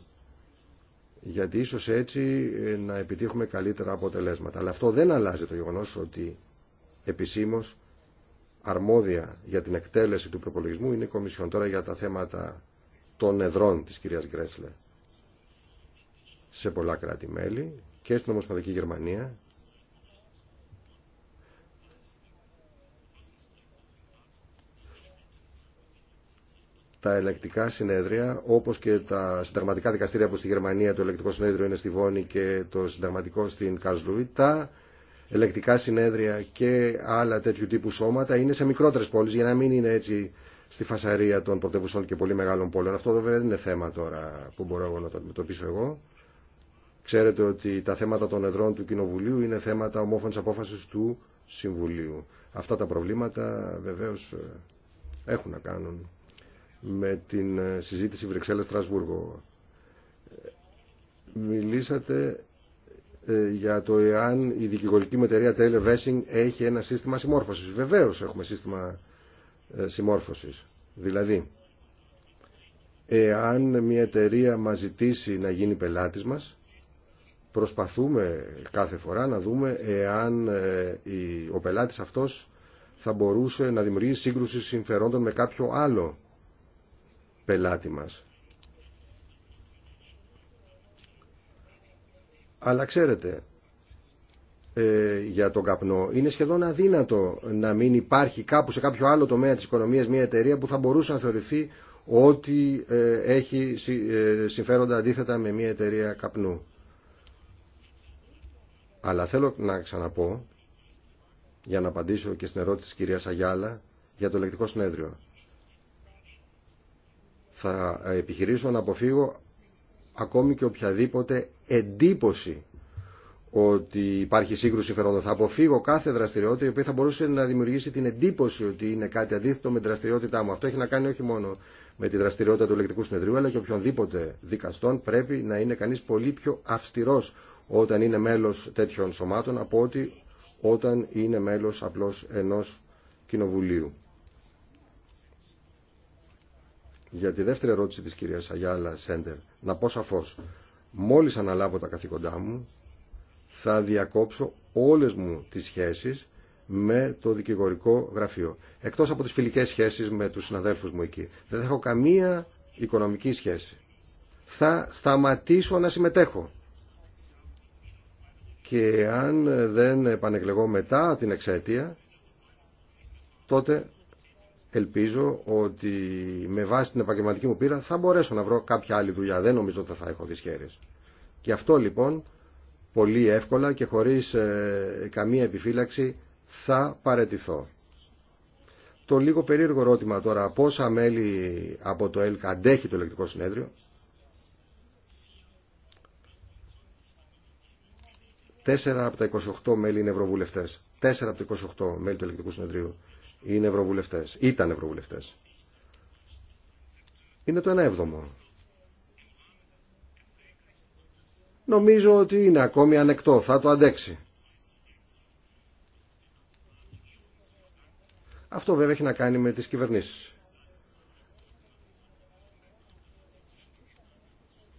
Γιατί ίσως έτσι ε, να επιτύχουμε καλύτερα αποτελέσματα. Αλλά αυτό δεν αλλάζει το γεγονός ότι επισήμως αρμόδια για την εκτέλεση του προπολογισμού είναι η Κομισιόν. Τώρα για τα θέματα των εδρών της κυρίας Γκρέσλε σε πολλά κράτη-μέλη και στην Ομοσπονδική Γερμανία τα ελεκτικά συνέδρια, όπως και τα συνταγματικά δικαστήρια που στη Γερμανία το ελεκτικό συνέδριο είναι στη Βόνη και το συνταγματικό στην Καζλούι, τα ελεκτικά συνέδρια και άλλα τέτοιου τύπου σώματα είναι σε μικρότερες πόλεις για να μην είναι έτσι στη φασαρία των πρωτεύουσων και πολύ μεγάλων πόλεων. Αυτό βέβαια δεν είναι θέμα τώρα που μπορώ εγώ να το αντιμετωπίσω εγώ. Ξέρετε ότι τα θέματα των εδρών του Κοινοβουλίου είναι θέματα ομόφωνης απόφασης του Συμβουλίου. Αυτά τα προβλήματα βεβαίως ε, έχουν να κάνουν με την ε, συζήτηση Βρυξέλλας-Τρασβούργο. Μιλήσατε ε, για το εάν η δικηγορική μετερία Taylor έχει ένα σύστημα συμμόρφωσης. Βεβαίως έχουμε σύστημα ε, συμμόρφωσης. Δηλαδή, εάν μια εταιρεία μας ζητήσει να γίνει πελάτης μας, προσπαθούμε κάθε φορά να δούμε εάν ο πελάτης αυτός θα μπορούσε να δημιουργήσει σύγκρουση συμφερόντων με κάποιο άλλο πελάτη μας. Αλλά ξέρετε, ε, για τον καπνό, είναι σχεδόν αδύνατο να μην υπάρχει κάπου σε κάποιο άλλο τομέα της οικονομίας μια εταιρεία που θα μπορούσε να θεωρηθεί ότι ε, έχει ε, συμφέροντα αντίθετα με μια εταιρεία καπνού. Αλλά θέλω να ξαναπώ, για να απαντήσω και στην ερώτηση της κυρίας Αγιάλα, για το ελεκτικό συνέδριο. Θα επιχειρήσω να αποφύγω ακόμη και οποιαδήποτε εντύπωση ότι υπάρχει σύγκρουση φερόντων. Θα αποφύγω κάθε δραστηριότητα η οποία θα μπορούσε να δημιουργήσει την εντύπωση ότι είναι κάτι αντίθετο με δραστηριότητά μου. Αυτό έχει να κάνει όχι μόνο με τη δραστηριότητα του ελεκτικού συνεδρίου, αλλά και οποιονδήποτε δικαστών πρέπει να είναι κανεί πολύ πιο αυστηρό όταν είναι μέλο τέτοιων σωμάτων από ότι όταν είναι μέλο απλώ ενό κοινοβουλίου για τη δεύτερη ερώτηση της κυρίας Αγιάλα Σέντερ να πω σαφώς μόλις αναλάβω τα καθήκοντά μου θα διακόψω όλες μου τις σχέσεις με το δικηγορικό γραφείο. Εκτός από τις φιλικές σχέσεις με τους συναδέλφους μου εκεί. Δεν θα έχω καμία οικονομική σχέση. Θα σταματήσω να συμμετέχω. Και αν δεν επανεκλεγώ μετά την εξαίτεια, τότε ελπίζω ότι με βάση την επαγγελματική μου πείρα θα μπορέσω να βρω κάποια άλλη δουλειά. Δεν νομίζω ότι θα έχω δυσχέρειες. Και αυτό λοιπόν πολύ εύκολα και χωρίς ε, καμία επιφύλαξη θα παρετηθώ. Το λίγο περίεργο ερώτημα τώρα, πόσα μέλη από το ΕΛΚ αντέχει το ελεκτικό συνέδριο. Τέσσερα από τα 28 μέλη είναι ευρωβουλευτές. Τέσσερα από τα 28 μέλη του ελεκτικού συνεδρίου είναι ευρωβουλευτέ. ήταν ευρωβουλευτέ. Είναι το ένα έβδομο. Νομίζω ότι είναι ακόμη ανεκτό, θα το αντέξει. Αυτό βέβαια έχει να κάνει με τις κυβερνήσεις.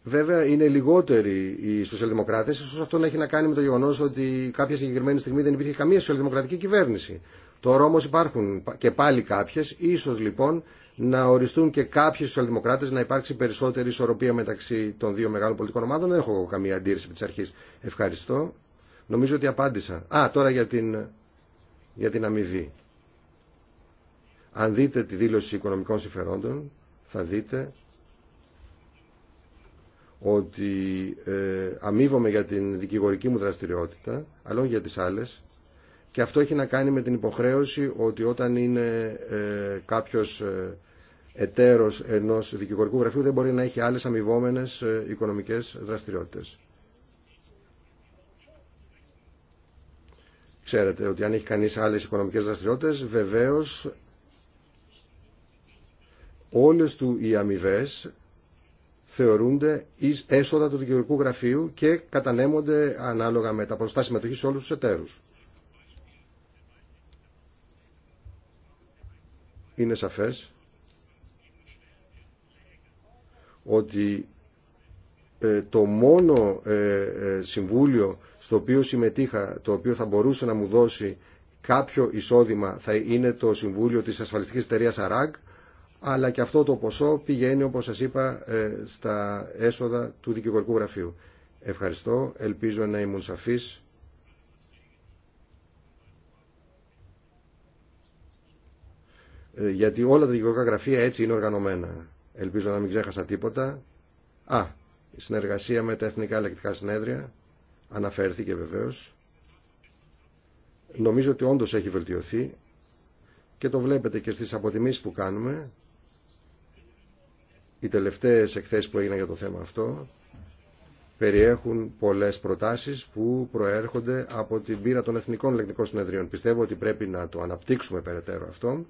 Βέβαια είναι λιγότεροι οι σοσιαλδημοκράτες, ίσως αυτό να έχει να κάνει με το γεγονός ότι κάποια συγκεκριμένη στιγμή δεν υπήρχε καμία σοσιαλδημοκρατική κυβέρνηση. Τώρα όμως υπάρχουν και πάλι κάποιες, ίσως λοιπόν να οριστούν και κάποιοι σοσιαλδημοκράτε να υπάρξει περισσότερη ισορροπία μεταξύ των δύο μεγάλων πολιτικών ομάδων. Δεν έχω καμία αντίρρηση από τις αρχές. Ευχαριστώ. Νομίζω ότι απάντησα. Α, τώρα για την, για την αμοιβή. Αν δείτε τη δήλωση οικονομικών συμφερόντων, θα δείτε ότι ε, αμείβομαι για την δικηγορική μου δραστηριότητα, αλλά όχι για τις άλλες. Και αυτό έχει να κάνει με την υποχρέωση ότι όταν είναι ε, κάποιος ε, εταίρος ενός δικηγορικού γραφείου δεν μπορεί να έχει άλλες αμοιβόμενες ε, οικονομικές δραστηριότητες. Ξέρετε ότι αν έχει κανείς άλλες οικονομικές δραστηριότητες βεβαίως όλες του οι αμοιβέ θεωρούνται έσοδα του δικηγορικού γραφείου και κατανέμονται ανάλογα με τα ποσοστά συμμετοχή σε όλους τους εταίρους. είναι σαφές ότι ε, το μόνο ε, ε, συμβούλιο στο οποίο συμμετείχα, το οποίο θα μπορούσε να μου δώσει κάποιο εισόδημα θα είναι το Συμβούλιο της Ασφαλιστικής Εταιρείας ΑΡΑΚ, αλλά και αυτό το ποσό πηγαίνει, όπως σας είπα, στα έσοδα του δικηγορικού γραφείου. Ευχαριστώ, ελπίζω να ήμουν σαφής Ε, γιατί όλα τα δικαιωτικά γραφεία έτσι είναι οργανωμένα. Ελπίζω να μην ξέχασα τίποτα. Α, η συνεργασία με τα Εθνικά Ελεκτικά Συνέδρια αναφέρθηκε βεβαίως. Νομίζω ότι όντως έχει βελτιωθεί και το βλέπετε και στις αποτιμήσεις που κάνουμε. Οι τελευταίες εκθέσεις που έγιναν για το θέμα αυτό περιέχουν πολλές προτάσεις που προέρχονται από την πείρα των Εθνικών Ελεκτικών Συνεδρίων. Πιστεύω ότι πρέπει να το αναπτύξουμε περαιτέρω αυτό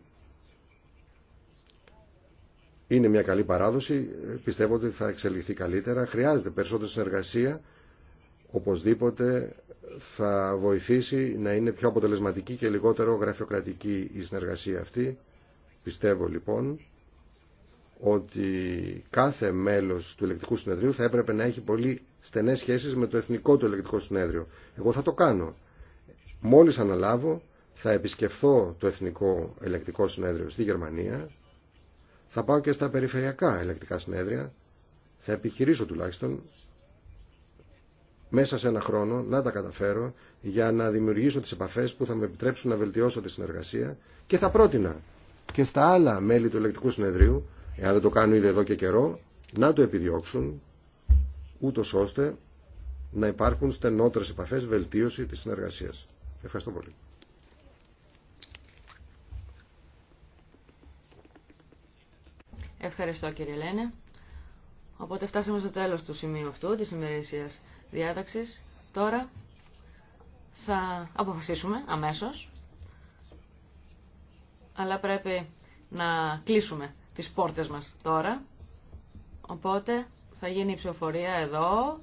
είναι μια καλή παράδοση, πιστεύω ότι θα εξελιχθεί καλύτερα. Χρειάζεται περισσότερη συνεργασία, οπωσδήποτε θα βοηθήσει να είναι πιο αποτελεσματική και λιγότερο γραφειοκρατική η συνεργασία αυτή. Πιστεύω λοιπόν ότι κάθε μέλος του ελεκτικού συνεδρίου θα έπρεπε να έχει πολύ στενές σχέσεις με το εθνικό του ελεκτικό συνέδριο. Εγώ θα το κάνω. Μόλις αναλάβω θα επισκεφθώ το εθνικό ελεκτικό συνέδριο στη Γερμανία θα πάω και στα περιφερειακά ελεκτικά συνέδρια. Θα επιχειρήσω τουλάχιστον μέσα σε ένα χρόνο να τα καταφέρω για να δημιουργήσω τις επαφές που θα με επιτρέψουν να βελτιώσω τη συνεργασία και θα πρότεινα και στα άλλα μέλη του ελεκτικού συνεδρίου, εάν δεν το κάνουν ήδη εδώ και καιρό, να το επιδιώξουν ούτω ώστε να υπάρχουν στενότερες επαφές βελτίωση της συνεργασίας. Ευχαριστώ πολύ. Ευχαριστώ κύριε Λένε. Οπότε φτάσαμε στο τέλος του σημείου αυτού, της ημερήσιας διάταξης. Τώρα θα αποφασίσουμε αμέσως, αλλά πρέπει να κλείσουμε τις πόρτες μας τώρα. Οπότε θα γίνει η ψηφοφορία εδώ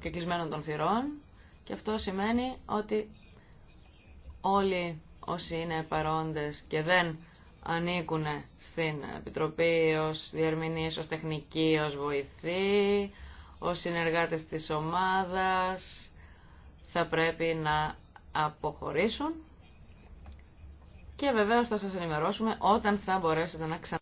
και κλεισμένων των θυρών και αυτό σημαίνει ότι όλοι όσοι είναι παρόντες και δεν ανήκουν στην Επιτροπή ως διερμηνής, ως τεχνική, ως βοηθή, ως συνεργάτες της ομάδας, θα πρέπει να αποχωρήσουν και βεβαίως θα σας ενημερώσουμε όταν θα μπορέσετε να ξανα...